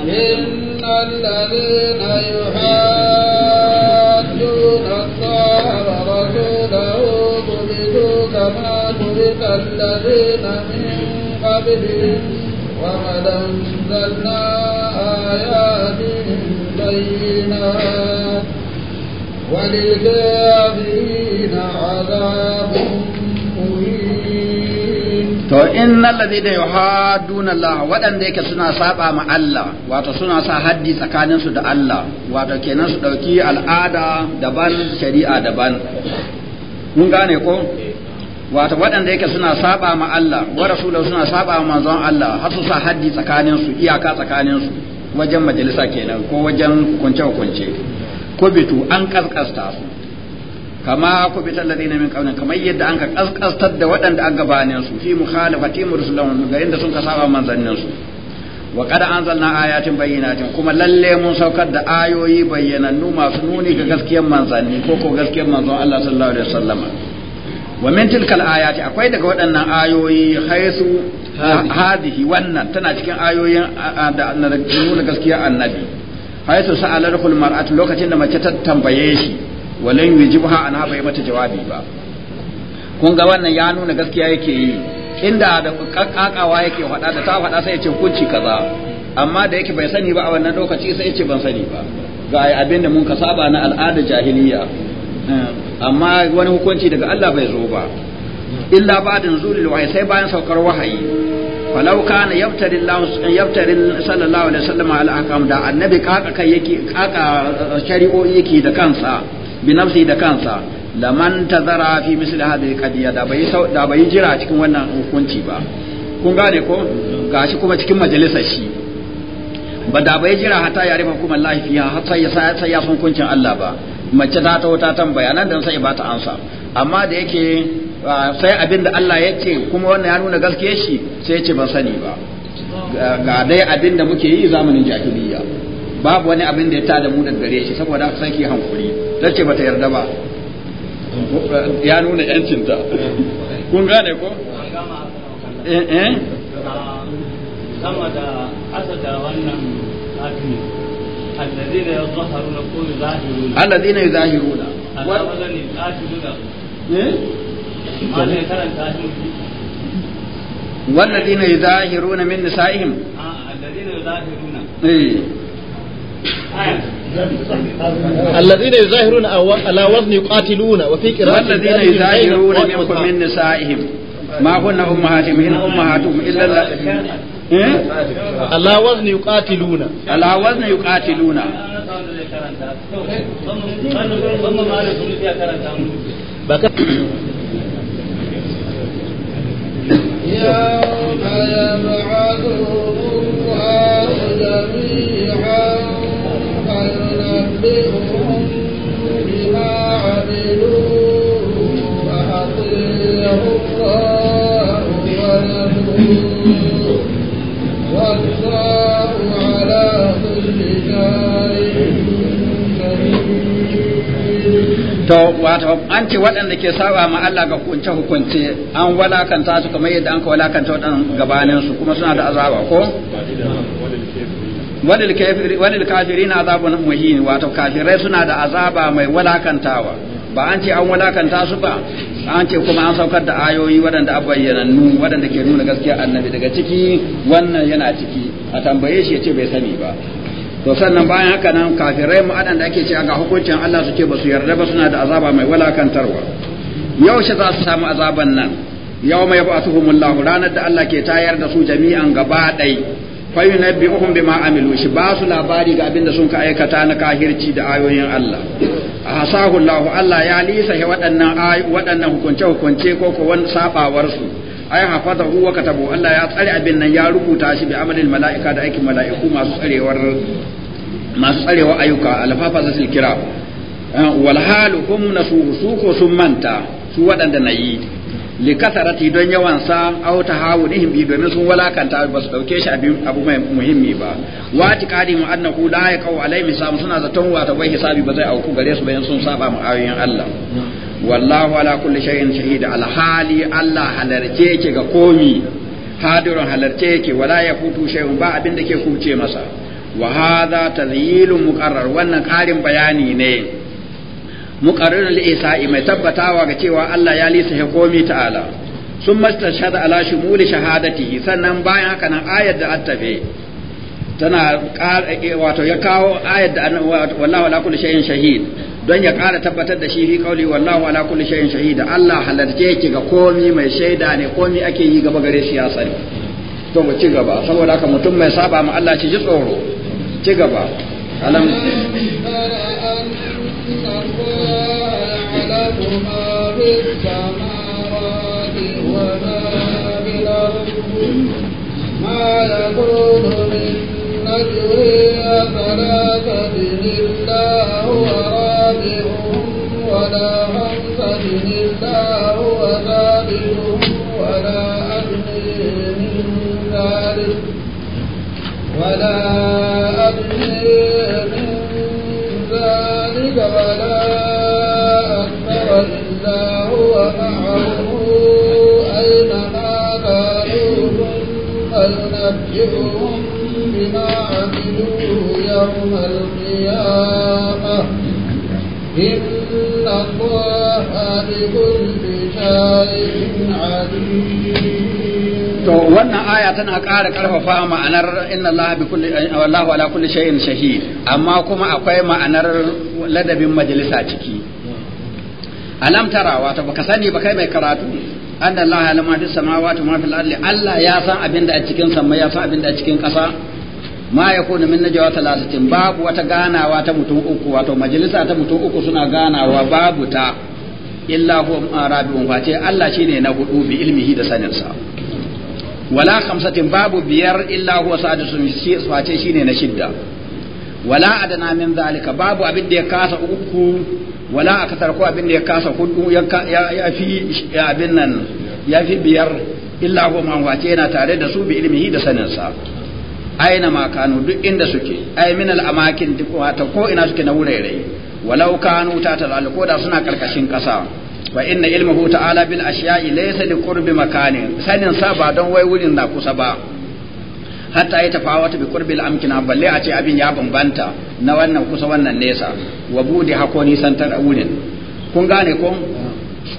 إن الذين يحادون الله ورسوله قبلوا كما قبل الذين من قبلهم وقد أنزلنا To عذاب To da ladina yuhadduna Allah waɗanda yake suna saba ma Allah wato suna sa haddi tsakanin su da Allah wato kenan su ɗauki al'ada daban shari'a daban mun gane ko wato waɗanda yake suna saba ma Allah wa rasulahu suna saba ma manzon Allah har su sa haddi tsakanin su iyaka tsakanin su wajen majalisa kenan ko wajen kunce kunce kubitu an kaskasta su kama kubital ladina min qablin kamar yadda an ka kaskastar da waɗanda an gabanin su fi mukhalafati mursalun ga inda sun kasaba manzannin su wa qad anzalna ayatin bayyinatin kuma lalle mun saukar da ayoyi bayyanannu masu nuni ga gaskiyar manzanni ko ko gaskiyar manzon Allah sallallahu alaihi wasallama wa min tilkal ayati akwai daga waɗannan ayoyi haisu hadihi wannan tana cikin ayoyin da nuna gaskiyar annabi haitu sa'alar mar'atu lokacin da mace ta tambaye shi walan yujibha an bai mata jawabi ba kun ga wannan ya nuna gaskiya yake yi inda da kakkawa yake faɗa da ta faɗa sai ya ce hukunci kaza amma da yake bai sani ba a wannan lokaci sai ya ce ban sani ba ga ai abin mun ka saba na al'ada jahiliya eh, amma wani hukunci daga Allah bai zo ba illa ba'da nuzulil wahyi sai bayan saukar wahayi falau kana yabtari Allah yabtari sallallahu alaihi wasallam al ahkam da annabi kaka kai yake kaka shari'o'i yake da kansa bi nafsi da kansa laman tazara fi misli hadhihi qadiya da bai da bai jira cikin wannan hukunci ba kun gane ko gashi kuma cikin majalisar shi ba da bai jira hata ya rufa kuma lafiya fiya har sai ya sai ya hukuncin Allah ba mace ta ta tambaya nan dan sai ba ta amsa amma da yake Ah, sai abin da Allah ya ce kuma wannan ya nuna gaskiyar shi sai ya ce ban sani ba ga dai abin da muke yi zamanin jahiliya babu wani abin da ya tada mu da gare shi saboda haka sai ki hankuri zai ce bata yarda ba ya nuna yancin ta kun gane ko eh eh sama da asada wannan atmi alladhina yuzahiruna qulu zahiruna alladhina yuzahiruna wa alladhina yuzahiruna eh? والذين يظاهرون من نسائهم الذين يظاهرون الذين يظاهرون على وزن يقاتلون وفي قراءة والذين يظاهرون منكم من نسائهم ما هن أمهاتهم إن أمهاتهم إلا على وزن يقاتلون على وزن يقاتلون بكر يوم يبعثهم الله جميعا فينبئهم to wato an ce waɗanda ke saba ma Allah ga kunce hukunce an walakanta su kamar yadda an ka walakanta waɗan gabanin su kuma suna da azaba ko wadil kafiri walil kafirina azabun muhin wato kafirai suna da azaba mai walakantawa ba an ce an walakanta su ba an ce kuma an saukar da ayoyi waɗanda an nu waɗanda ke nuna gaskiya annabi daga ciki wannan yana ciki a tambaye shi ya ce bai sani ba to sannan bayan haka nan kafirai mu da ake cewa ga hukuncin Allah suke ce ba su yarda ba suna da azaba mai walakantarwa Yau shi za su samu azaban nan yau mai ba lahu. ranar da Allah ke tayar da su jami'an gaba ɗai fa yunabbi'uhum bima amilu shi ba su labari ga abin da sun ka aikata na kahirci da ayoyin Allah a hasahu Allah Allah ya lisa waɗannan wadannan hukunce hukunce ko ko wani sabawar su ai hafaza hu katabu Allah ya tsare abin nan ya rubuta shi bi amalin mala'ika da aikin mala'iku masu tsarewar masu tsarewa ayyuka alfafa zasil kira eh, wal halukum nasu su ko sun manta su waɗanda nayi li kasarati don yawan sa aw tahawunihim bi domin sun walakanta ba su dauke shi abin abu mai muhimmi ba wa tiqadi mu annahu la yaqau alaihi suna zaton wa ta wai hisabi ba zai auku gare su bayan sun saba mu ayoyin Allah wallahu ala kulli shay'in shahid alhali Allah halarce yake ga komi hadirun halarce yake wala ya futu shay'un ba abin da ke kuce masa wa hadha tadhilun muqarrar wannan karin bayani ne muqarrar al-isa'i mai tabbatawa ga cewa Allah ya lisa ya komi ta'ala sun mastashhada ala shumuli shahadatihi sannan bayan haka nan ayar da attafe tana wato ya kawo ayar da wallahu ala kulli shay'in shahid don ya ƙara tabbatar da shi fi kauli wallahu ala kulli shay'in shahida Allah halarce yake ga komi mai shaida ne komi ake yi gaba gare shi ya sani to mu ci gaba saboda haka mutum mai saba ma Allah ci ji tsoro ci gaba alam ما يكون من ولا من ذلك ولا من ذلك ولا إلا هو معه أينما بما عملوا يوم القيامة to wannan aya tana ƙara ƙarfafa ma'anar inna Allah bi kulli wallahu ala kulli shay'in shahid amma kuma akwai ma'anar ladabin majalisa ciki alam tara wato baka sani ba kai mai karatu anna Allah ya lamadi samawati ma fil ardi Allah ya san abinda a cikin sama ya san abinda a cikin ƙasa ma ya kuna min najawa talatin babu wata ganawa ta mutum uku wato majalisa ta mutum uku suna ganawa babu ta illa huwa rabi'un face Allah shine na hudu bi ilmihi da saninsa wala khamsatin babu biyar illa huwa sadisun face shine na shidda wala adana min zalika babu abin da ya kasa uku wala akasar ko abin da ya kasa hudu ya fi abin nan ya fi biyar illa huwa man face yana tare da su bi ilmihi da saninsa aina ma kanu duk inda suke ai min amakin duk wata ko ina suke na wurare walau kanu ta talal ko da suna karkashin kasa wa inna ilmuhu ta'ala bil ashiya'i laysa li qurbi makanin sanin sa ba don wai wurin na kusa ba hatta ya tafawata bi qurbi amkina balle a ce abin ya bambanta na wannan kusa wannan nesa wa budi hako nisan ta wurin kun gane ko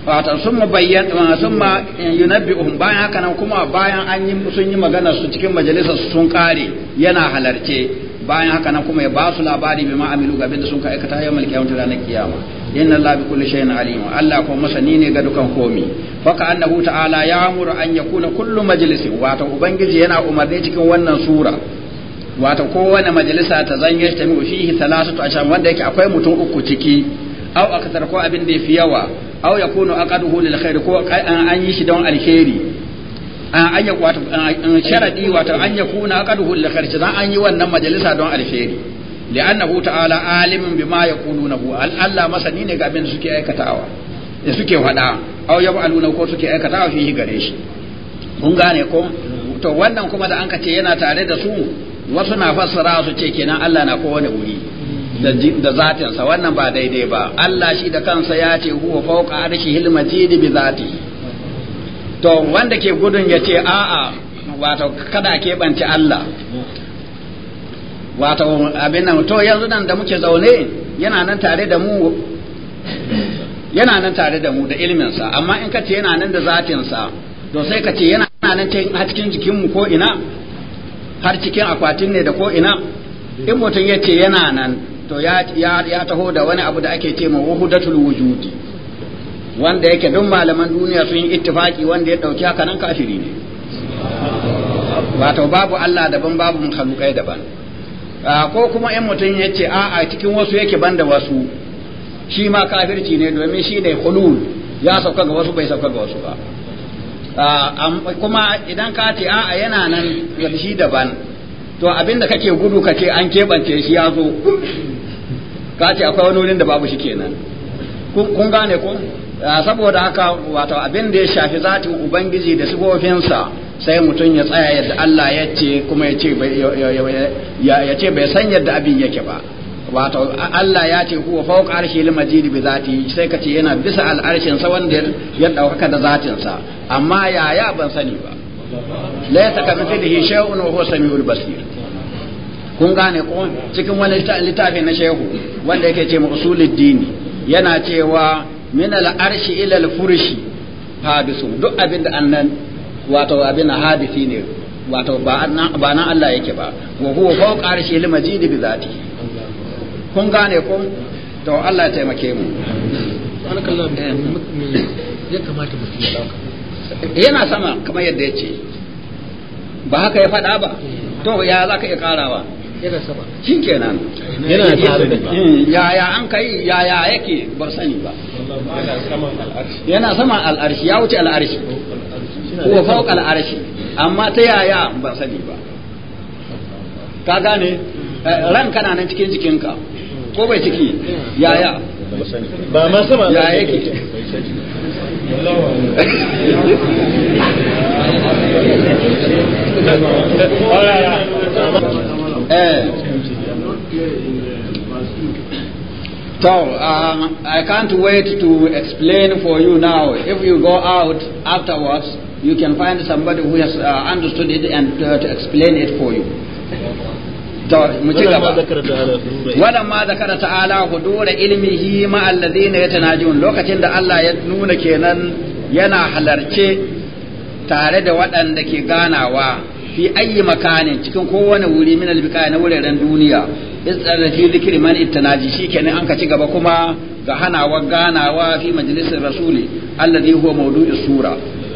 fatan sun mu bayyana sun ma yunabbi'uhum bayan haka nan kuma bayan an yi sun yi magana su cikin majalisar sun kare yana halarce bayan haka nan kuma ya ba su labari bima amilu ga da sun ka aikata yau mulki yawon na kiyama inna allaha bi kulli shay'in alim allah ko masani ne ga dukan komi ka annahu ta'ala ya amuru an yakuna kullu majlisin wato ubangiji yana umarni cikin wannan sura wato kowane majalisa ta zanye ta mu fihi thalathatu asham wanda yake akwai mutum uku ciki au akatar ko abin da yafi yawa aw kunu aqaduhu lil khair ko an yi shi don alheri an ya wato sharadi wato an kunu aqaduhu lil khair dan an yi wannan majalisa don alheri li'annahu ta'ala alimin bima yaquluna hu Allah masani ne ga abin suke aikatawa da suke faɗa aw al'una ko suke aikatawa fi gare shi kun gane ko to wannan kuma da an kace yana tare da su wasu na fassara su ce kenan Allah na kowane wuri da zatinsa wannan ba daidai ba Allah shi da kansa ya ce huwa fauka arshi majid bi zati to wanda ke gudun ya ce a'a wato kada ke banci Allah wato abin nan to yanzu nan da muke zaune yana nan tare da mu yana nan tare da mu da ilminsa amma in ka ce yana nan da zatinsa to sai ka ce yana nan cikin jikinmu ko ina har cikin akwatin ne da ko ina in mutum ya ce yana nan to ya ya taho da wani abu da ake ce ma wuhudatul wujudi wanda yake duk malaman duniya sun yi ittifaki wanda ya dauki haka nan kafiri ne wato babu Allah daban babu makhlukai daban ah, ko kuma in mutum ya ce a'a cikin wasu yake banda wasu shi ma kafirci ne domin shi ne hulul ya sauka ga wasu bai sauka ga wasu ba ah, kuma idan ka ce a'a yana nan shi daban to abin da kake gudu kake an keɓance shi ya zo ka ce akwai wani wurin da babu shi kenan kun gane ko ah, saboda haka wato abin da ya shafi zati ubangiji da sifofinsa sai mutum ya tsaya yadda Allah ya ce kuma ya ce bai san yadda abin yake ba wato Allah ya ce huwa arshi arshil majid bi zati sai ka ce yana bisa al'arshin sa wanda ya daukaka da zatin sa amma yaya ban sani ba laysa kamithlihi shay'un wa huwa samiul basir kun gane ko cikin wani littafi na shehu wanda yake ce usulul dini yana cewa min al-arshi ila al-furshi hadisu duk abin da annan wato abin hadisi ne wato ba nan Allah yake ba wa huwa fawqa arshi al-majid bi zati kun gane kun to Allah ya taimake mu ya kamata mu dauka yana sama kamar yadda ya ba haka ya faɗa ba eh. to ya za ka iya karawa. shi kenan yana tare da hmm, yaya an kai yaya yake bar sani ba yana saman al'arshi ya wuce al'arshi ko fauq al'arshi amma ta yaya ba sani ba ka gane eh, ran kana nan cikin jikinka ko bai ciki yaya ba ma sama Ya yake Allah Eh. So um, I can't wait to explain for you now. If you go out afterwards, you can find somebody who has uh, understood it and uh, to explain it for you. wala ولما ذكر تعالى حضور علمه مع الذين يتناجون lokacin da Allah ya nuna kenan yana halarce tare da waɗanda ke ganawa fi ayi makanin cikin kowane wuri min albika na wuraren duniya isar fi zikri man ittanaji shikenan an ka ci gaba kuma ga hanawa ganawa fi majalisar rasuli alladhi huwa mawdu'is sura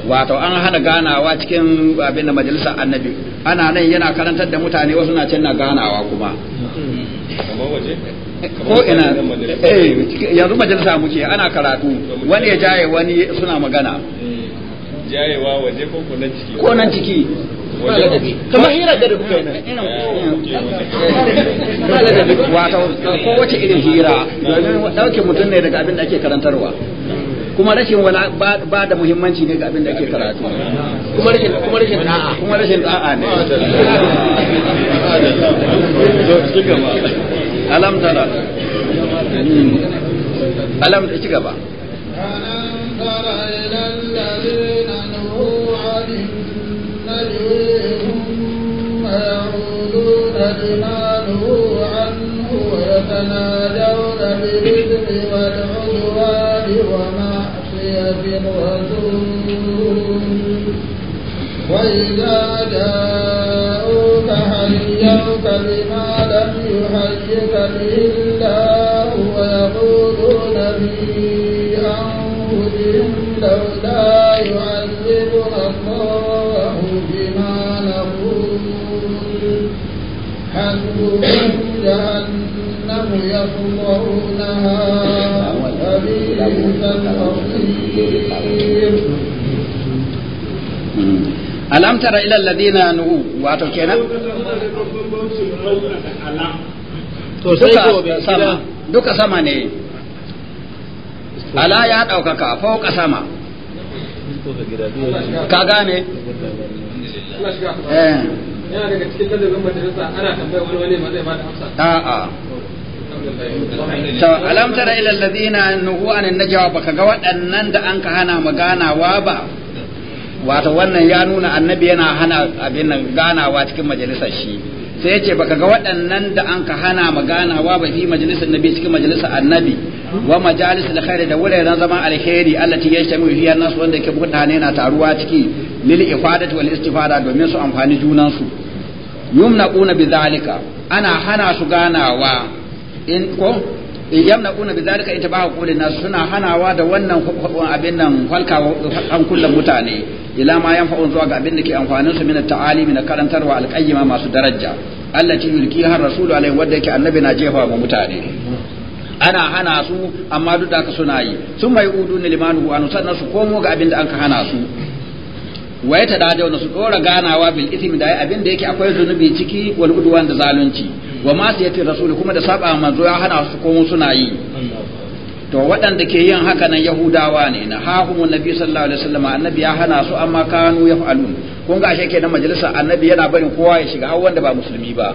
wato an hana ganawa cikin abin da majalisar annabi ana nan yana karantar da mutane wasu na can na ganawa kuma ko ina eh yanzu majalisa muke ana karatu wani ya jaye wani suna magana hmm. jayewa waje ko nan ciki ko nan ciki kamar hira da da kuka kowace irin hira domin dauke mutum ne daga abin da ake karantarwa kuma rashin wala ba da muhimmanci ne ga abin da ake karatu kuma rashin kuma rashin da'a kuma rashin da'a ne alam tara alam ci gaba alam tara ila شماله عنه ويتناجون بالإثم والعدوان ومعصية الرسول وإذا جاءوك حيوك بما لم يحيك به يصلونها وبئس المصير alam tara ila alladhina nu wato kenan to sai sama duka sama ne ala ya daukaka fauka sama ka gane eh daga cikin majalisa ana wani wani ma zai da to alam tara ila alladhina nuhu an najwa baka ga waɗannan da an ka hana maganawa ba wato wannan ya nuna annabi yana hana abin nan ganawa cikin majalisar shi sai ya ce baka ga waɗannan da an ka hana maganawa ba fi majalisar nabi cikin majalisar annabi wa majalis alkhair da wuraren zaman alkhairi allati yashtamu fiha nas wanda yake mutane na taruwa ciki lil ifadati wal istifada domin su amfani junan su bi zalika ana hana su ganawa in ko in in bidhalika itiba'a qulin nasu suna hanawa da wannan abin nan halka an kullum mutane ila ma yan fa'un zuwa ga abin da ke amfanin su min ta'ali min karantarwa alqayyima masu daraja allati har rasulu alaihi wadda ke annabi na jefa wa mutane ana hana su amma duk da ka suna yi sun mai udu ne limanu anu sannan su komo ga abin da an ka hana su waye ta da su dora ganawa bil ismi da abin da yake akwai zunubi ciki wal udwan da zalunci wa masiyati rasul kuma da saba manzo ya hana su komo suna yi to waɗanda ke yin haka nan yahudawa ne na mu nabi sallallahu alaihi wasallam annabi ya hana su amma kanu yaf'alun kun ga ashe kenan majalisa annabi yana barin kowa ya shiga har wanda ba musulmi ba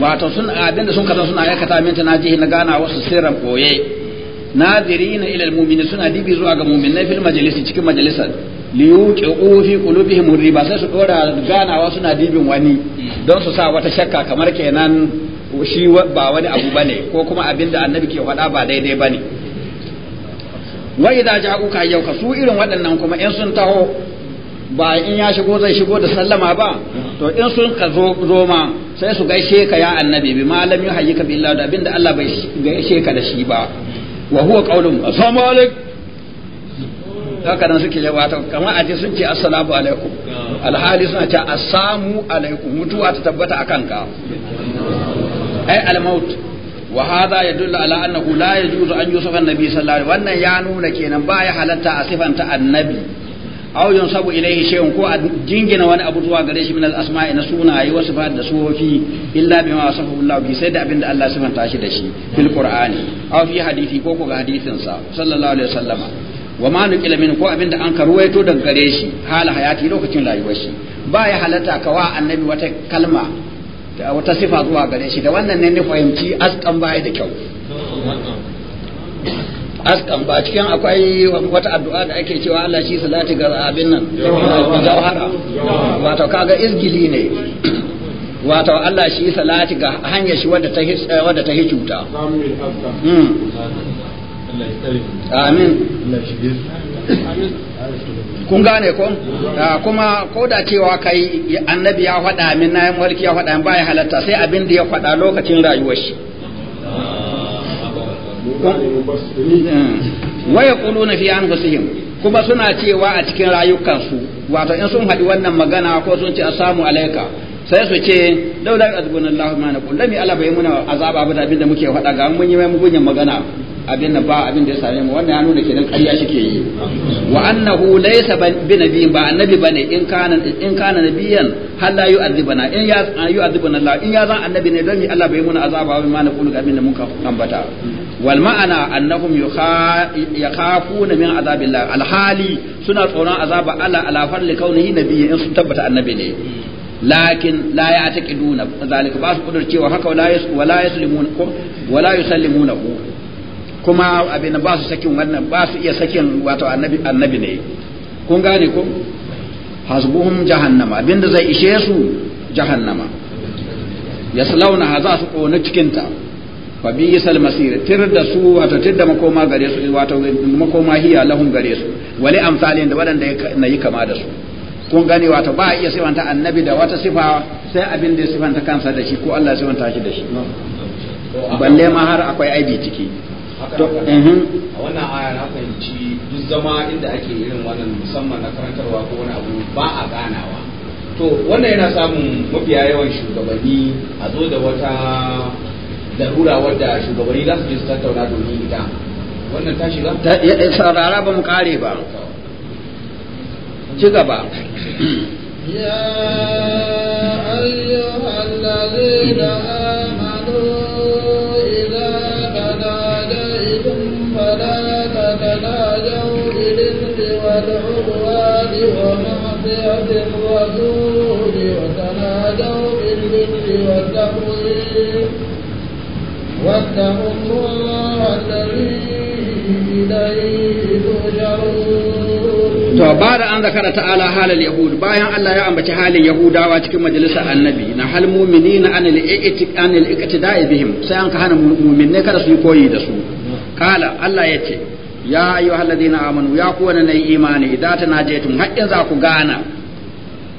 wato sun abinda sun kaza suna aikata min tanajihi na gana wasu sirran koye nadirina ila almu'minin suna dibi zuwa ga mu'minai fil majalisi cikin majalisar ufi fi qulubihim riba sai su dora ganawa suna dibin wani don su sa wata shakka kamar kenan shi ba wani abu bane ko kuma abinda annabi ke faɗa ba daidai bane wa idza ja'uka yauka su irin waɗannan kuma in sun taho ba in ya shigo zai shigo da sallama ba to in sun ka zo ma sai su gaishe ka ya annabi bi malam yuhayyika billahi da abinda Allah bai gaishe ka da shi ba wa huwa qaulun assalamu alaikum haka nan suke yawa kamar a aje sun ce assalamu alaikum alhali suna ce assamu alaikum mutuwa ta tabbata akan ka ai almaut wa hadha yadullu ala annahu la yajuzu an yusafa annabi sallallahu alaihi wannan ya nuna kenan ba ya halatta a sifanta annabi aw yunsabu ilayhi shay'un ko a jingina wani abu zuwa gare shi min al-asma'i na sunaye wasu sifat da sufofi illa bima wasafahu Allah bi sai da abin da Allah sifanta shi da shi fil qur'ani aw fi hadisi ko ko ga hadisin sa sallallahu alaihi wasallama wa ma nuqila min ko abinda an karwaito daga gare shi hala hayati lokacin rayuwar shi ba ya halatta wa annabi wata kalma wata sifa zuwa gare shi da wannan ne ni fahimci askan baya da kyau askan ba cikin akwai wata addu'a da ake cewa Allah shi salati ga abin nan jawhara wato kaga izgili ne wato Allah shi salati ga hanyar shi wadda ta wadda ta hicuta hmm. amin kun gane ko ah, kuma ko da cewa kai annabi ya faɗa min na mulki ya faɗa ba ya halatta sai abin da ya faɗa lokacin rayuwar shi hmm. waya kuluna fi anfusihim kuma suna cewa a cikin rayukansu wato in sun haɗi wannan magana ko sun ce samu alaika sai su ce daular azbunallahu ma naqul lami ala a azaba abin da muke faɗa ga mun yi mai magana abin nan ba abin da ya same mu wannan ya nuna kenan ƙarya shike yi wa annahu laysa bi nabiyin ba annabi bane in kana in kana nabiyan hal la yu'adhibuna in ya yu'adhibuna Allah in ya zan annabi ne don Allah bai muna azaba ba ma na kullu ga abin da muka ambata wal ma'ana annahum yakhafuna min azabillah al hali suna tsoron azaba Allah ala farli kaunihi nabiyyi in sun tabbata annabi ne lakin لكن لا يعتقدون ba su قدر cewa haka ولا يسلمون ولا يسلمونه kuma abin ba su sakin wannan ba su iya sakin wato annabi annabi ne kun gane ko hasbuhum jahannama abinda zai ishe su jahannama yaslawna haza su kona cikin ta fa bi isal masir tir da su wato tir da makoma gare su wato makoma hiya lahum gare su wali amsalin da wadanda na yi kama da su kun gane wato ba iya sifanta annabi da wata sifa sai abin da ya sifanta kansa da shi ko Allah ya sifanta shi da shi balle ma har akwai aibi ciki haka mhm. a wannan aya na fahimci duk zama inda ake irin wannan musamman na karantarwa ko wani abu ba a ganawa to wannan yana samun mafiya yawan shugabanni a zo da wata darura wadda shugabanni za su je su tattauna domin ita wannan ta shiga Sarara ba mu kare ba ci gaba يا أيها الذين واتقوا الله الذي to ba da an zakara ta'ala halal yahud bayan Allah ya ambaci halin yahudawa cikin majalisar annabi na hal mu'minina anil anil iqtida'i bihim sai an ka hana mu'minne kada su yi koyi da su kala Allah yace ya halladina amanu ya ku wannan imani idan ta najaytum har haƙƙin za ku gana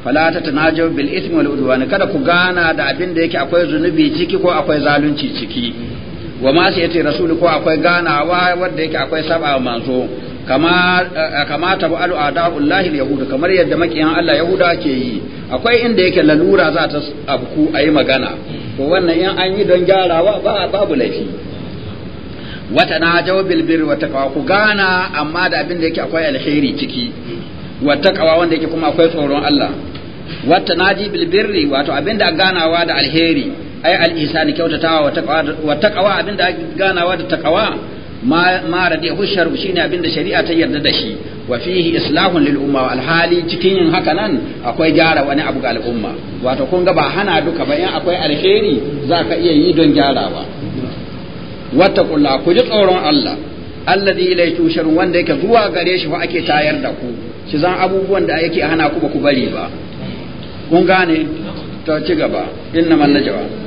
fala ta tanajaw bil ismi wal kada ku gana da abin da yake akwai zunubi ciki ko akwai zalunci ciki wa ma sai yace rasulu ko akwai ganawa wanda yake akwai saba manzo kama eh, kama tabu alu adaullahi yahuda kamar yadda makiyan Allah yahuda ke yi akwai inda yake lalura za ta abku ayi magana to wannan in an yi don gyarawa ba babu laifi wata na jawo bilbir wata kawa ku gana amma da abin da yake akwai alheri ciki wata kawa wanda yake kuma akwai tsoron Allah wata naji bilbirri wato abin da ganawa da alheri ai al-ihsani kyautatawa wa taqwa wa taqwa abinda ake ganawa da taqwa ma ma radi hushar shine abinda shari'a ta yarda da shi wa fihi islahun lil umma al hali cikin yin haka nan akwai gyara wani abu ga al'umma wato kun ga ba hana duka ba in akwai alheri zaka iya yi don gyarawa kula ku ji tsoron Allah alladhi ilayhi tusharun wanda yake zuwa gare shi fa ake tayar da ku shi zan abubuwan da yake hana ku ba ku bari ba kun gane ta ci gaba innamal najwa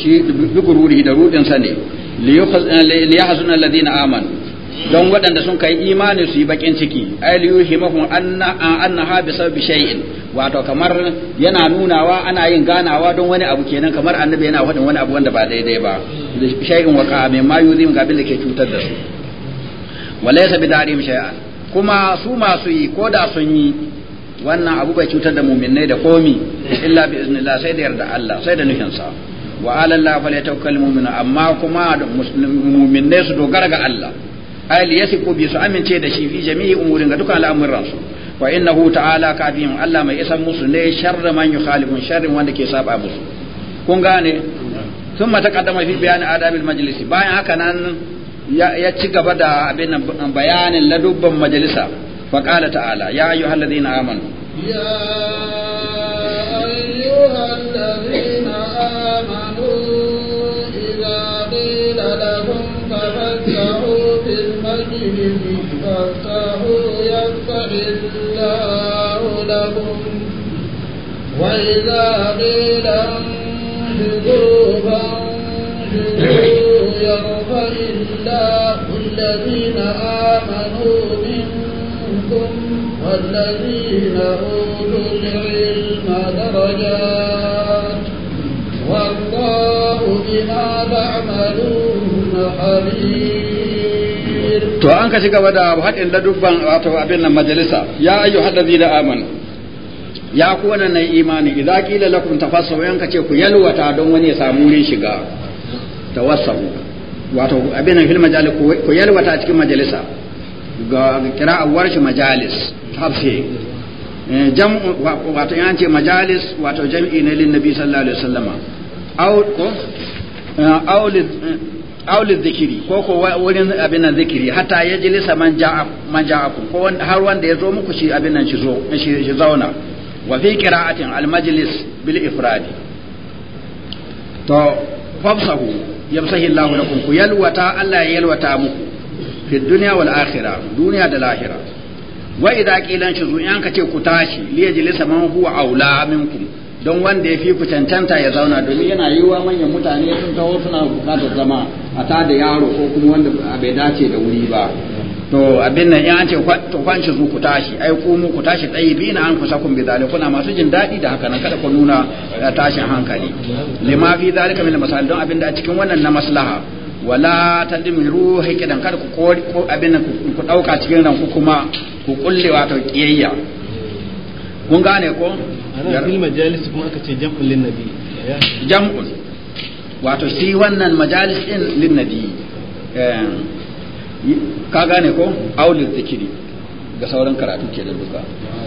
shi duk ruhi da rudin sa ne li yahzuna alladhina amanu don waɗanda sun kai imani su yi bakin ciki ay li yuhimahum anna annaha bi sabbi shay'in wato kamar yana nunawa ana yin ganawa don wani abu kenan kamar annabi yana faɗin wani abu wanda ba daidai ba shay'in wa qa'amin ma yuzim ga da ke cutar da su walaysa bi darim shay'an kuma su masu yi ko da sun yi wannan abu bai cutar da muminai da komi illa bi iznillah sai da yarda Allah sai da nufin sa wa ala Allah falyatawakkal amma kuma mu'minai su dogara ga Allah ay li yasiqu bi su amince da shi fi jami'i umurin ga dukkan al'amuran su wa innahu ta'ala Allah mai isan musu ne sharra man yukhalifun sharrin wanda ke saba musu kun gane ثم تقدم في بيان آداب المجلس bayan haka nan ya ci gaba da abin bayanin laduban majalisa fa qala ta'ala ya ayyuhalladhina amanu وإذا قيل انفقوا فانفقوا يرفع الله الذين آمنوا منكم والذين أوتوا العلم درجات والله بما تعملون خبير to an ka ci gaba da haɗin ladubban wato abin nan majalisa ya ayyu hallazi da amanu ya ku na imani idza qila lakum tafassahu yanka ce ku yalwata don wani ya samu wurin shiga tawassahu wato abin fil majalis ku yalwata a cikin majalisa ga kira'ar warshi majalis tafsir eh, jam wato yan ce majalis wato jam'i ne lin nabi sallallahu alaihi wasallama aw ko eh, aw zikiri eh, ko ko wurin abin nan zikiri hatta yajlisa man ja'a man ja'akum ko har wanda ya zo muku shi abin nan shi zo shi zauna wa fi qira'atin al-majlis bil ifrad to fafsahu yamsahi Allahu lakum ku yalwata Allah ya yalwata muku fi dunya wal akhirah duniya da lahira wa idza qilan shuzu in ka ce ku tashi li yajlisa man huwa aula minkum don wanda ya fi ku ya zauna domin yana yiwuwa manyan mutane sun taho suna bukatar zama a ta da yaro ko kuma wanda bai dace da wuri ba to abin nan in an ce to kwanci zu ku tashi ai ku mu ku tashi tsayi bi na an ku kun bi zalika kuna masu jin daɗi da haka nan kada ku nuna eh, tashin hankali lima fi zalika min masal don abin da a cikin wannan na maslaha wala tadmiru kidan kada ku ko abin nan ku dauka cikin ranku kuma ku kulle wato kiyayya kun gane ko ana fil majalis kuma aka ce jam'un lin nabi jam'un wato shi wannan majalis din lin nabi eh, ka gane ko aulil zikiri ga sauran karatu ke da duka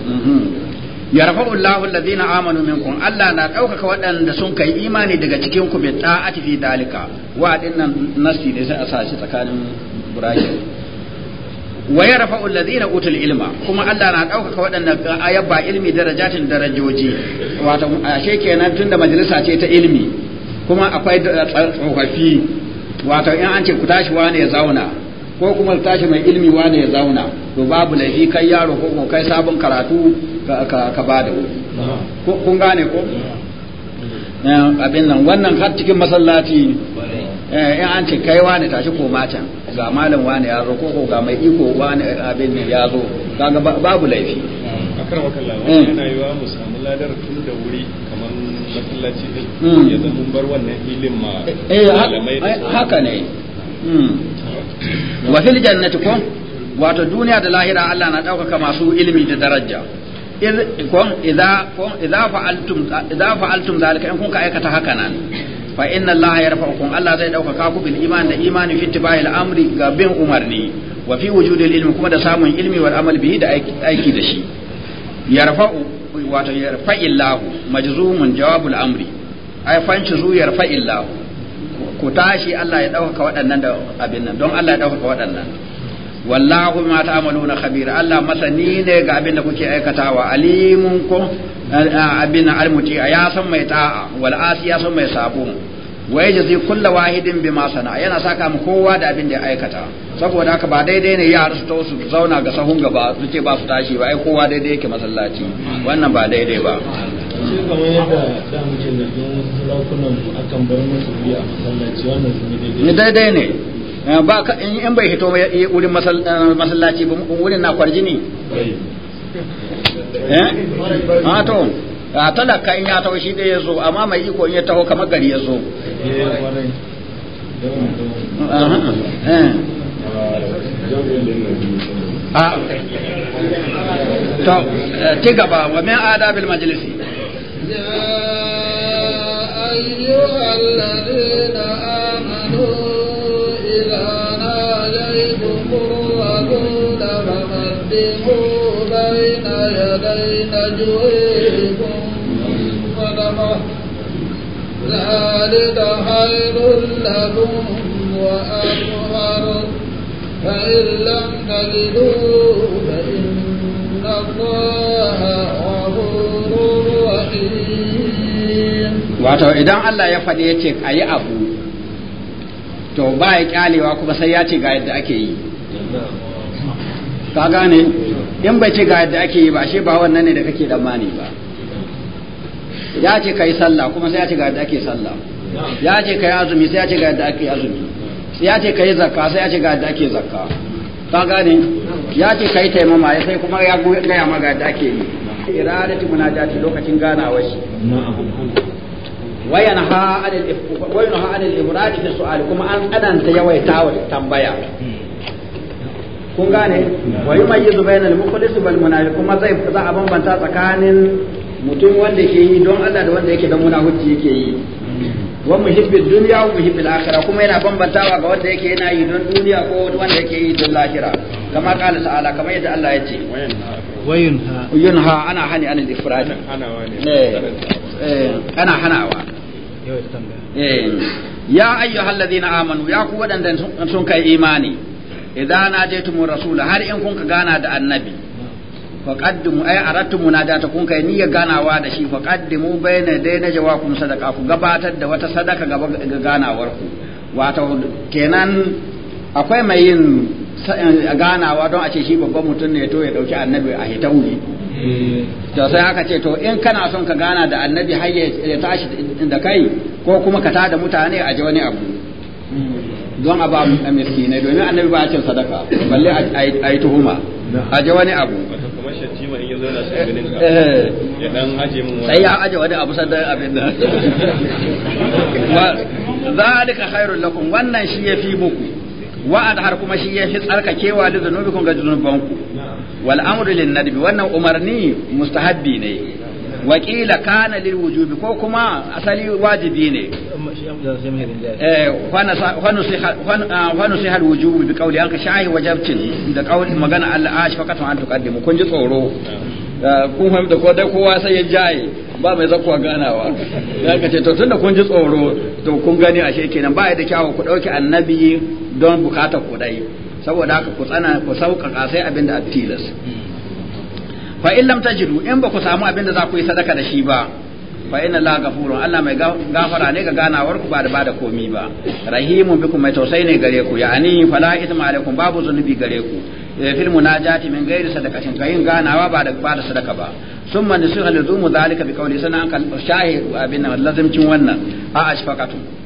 mhm. Ya rafa Allahu allazina amanu minkum Allah na ɗaukaka waɗanda sun kai imani daga cikin ku bi ta'ati fi dalika wa dinnan nasi ne sai a sashi tsakanin burashi wa ya rafa allazina utul ilma kuma Allah na ɗaukaka waɗanda ayaba ilmi darajatin darajoji wato ashe kenan tunda majalisa ce ta ilmi kuma akwai tsofaffi wato in an ce ku tashi wane ya zauna ko kuma tashi mai ilmi wane ya zauna to babu laifi kai yaro ko kuma kai sabon karatu ka ba da wuri kun gane ko eh, abin nan wannan har cikin masallaci eh, in an ce kai wane tashi ko matan ga malam wane ya zo ko ko ga mai iko wane abin ya zo kaga babu laifi akan wakalla eh. wani yana yiwa mu samu ladar tun da wuri kamar masallaci din hmm. ya zama bar wannan ilimin ma malamai haka ne Hmm. wa fil jannati ko wato duniya da lahira Allah na ɗaukaka masu ilimi da daraja kun idza kun idza fa'altum idza fa'altum zalika in kun ka aikata haka nan fa inna Allah yarfa'ukum Allah zai ɗaukaka ku bil iman da imani fi tibail amri ga bin umarni wa fi wujudil ilmi kuma da samun ilmi wal amal bihi da aiki da shi yarfa'u wato yarfa'illahu majzumun jawabul amri ay fanci zu yarfa'illahu ku tashi Allah ya ɗaukaka waɗannan da abin nan don Allah ya ɗaukaka waɗannan wallahu ma ta'maluna khabir Allah masani ne ga abin da kuke aikatawa alimun ku abin almuti ya san mai ta'a wal asi ya san mai sabo wa yajzi kullu wahidin bima sana yana saka mu kowa da abin da ya aikata saboda haka ba daidai ne yara su tausu zauna ga sahun gaba su ce ba su tashi ba ai kowa daidai yake masallaci wannan ba daidai ba shi kamar yadda da muke da sarakunan akan bar musu biya a masallaci wannan sun daidai daidai ne eh, ba ka in bai hito wurin eh, masallaci ba wurin na kwarjini eh a ah, to a ah, talaka in ya taho shi dai ya zo amma mai iko in ya taho kamar gari ya zo ta eh, ah, ci gaba wa min adabil majlisi يا أيها الذين آمنوا إذا ناجيتم الرسول فمدحوا بين يدي نجويكم صدقة ذلك خير لكم وأطهر فإن لم تجدوا فإن الله wato idan Allah ya faɗi ya ce a yi abu to ba ya kyalewa kuma sai ya ce ga yadda ake yi ka gane in bai ce ga yadda ake yi ba shi ba wannan ne da kake damani ba ya ce ka yi sallah kuma sai ya ce ga yadda ake sallah ya ce ka yi azumi sai ya ce ga yadda ake azumi ya ce ka yi zakka sai ya ce ga yadda ake zakka ka gane ya ce ka yi taimama sai kuma ya gaya ma ga yadda ake yi muna munajati lokacin ganawa shi wayanha anil wayanha anil ifrad fi su'al kuma an tsananta yawaita wa tambaya kun gane wa yumayyizu bainal mukhlis wal munafiq kuma zai za a bambanta tsakanin mutum wanda ke yi don Allah da wanda yake don munafici yake yi wa muhibbid dunya wa muhibbil akhirah kuma yana bambantawa ga wanda yake yana yi don duniya ko wanda yake yi don lahira kama ta'ala kamar yadda Allah ya ce wayunha wayunha ana hani ana ana hanawa Eh. ya ayyuhal ladina amanu ya ku waɗanda sun kai imani idan na je rasula har in kun ka gana da annabi fa qaddimu ay aratu munajata kun kai niyyar ganawa da shi fa qaddimu bayna dai na jawakum sadaqa ku gabatar da wata sadaka gaba ga ganawar ku wato kenan akwai mai yin eh, ganawa don a ce shi babban mutum ne to ya dauki annabi a hitauli to sai aka ce to in kana son ka gana da annabi har ya tashi da kai ko kuma ka tada mutane a ji wani abu don a ba ne domin annabi ba a cin sadaka balle a yi tuhuma a ji wani abu eh. sai ya aje wani abu sadar abin da zalika khairul lakum wannan shi ya fi muku wa'ad har kuma shi ya fi tsarkakewa da zanubikum ga zanubanku wal amru lin nadbi wannan umarni mustahabbi ne wakila kana lil wujubi ko kuma asali wajibi ne wani sai hal kun tsoro ah, fahimta ko dai kowa sai ya jaye ba mai zakuwa ganawa ya kace to tunda kun ji tsoro to kun gani ashe kenan ba ya da kyawu ku dauki annabi don bukatar ku dai saboda haka ku tsana ku sauƙaƙa sai abin da tilas fa in lam tajidu in ba ku samu abin da za ku yi sadaka da shi ba fa inna la ghafurun Allah mai gafara ne ga ganawar ku ba da bada komi ba rahimun bikum mai tausayi ne gare ku ya'ani fala itma alaikum babu zunubi gare ku eh, fil munajati min ghairi sadaqatin kayin ganawa ba da bada sadaka ba summa nasiha lizumu zalika bi qawli sanan kan shahi abin lazimcin wannan a ashfaqatu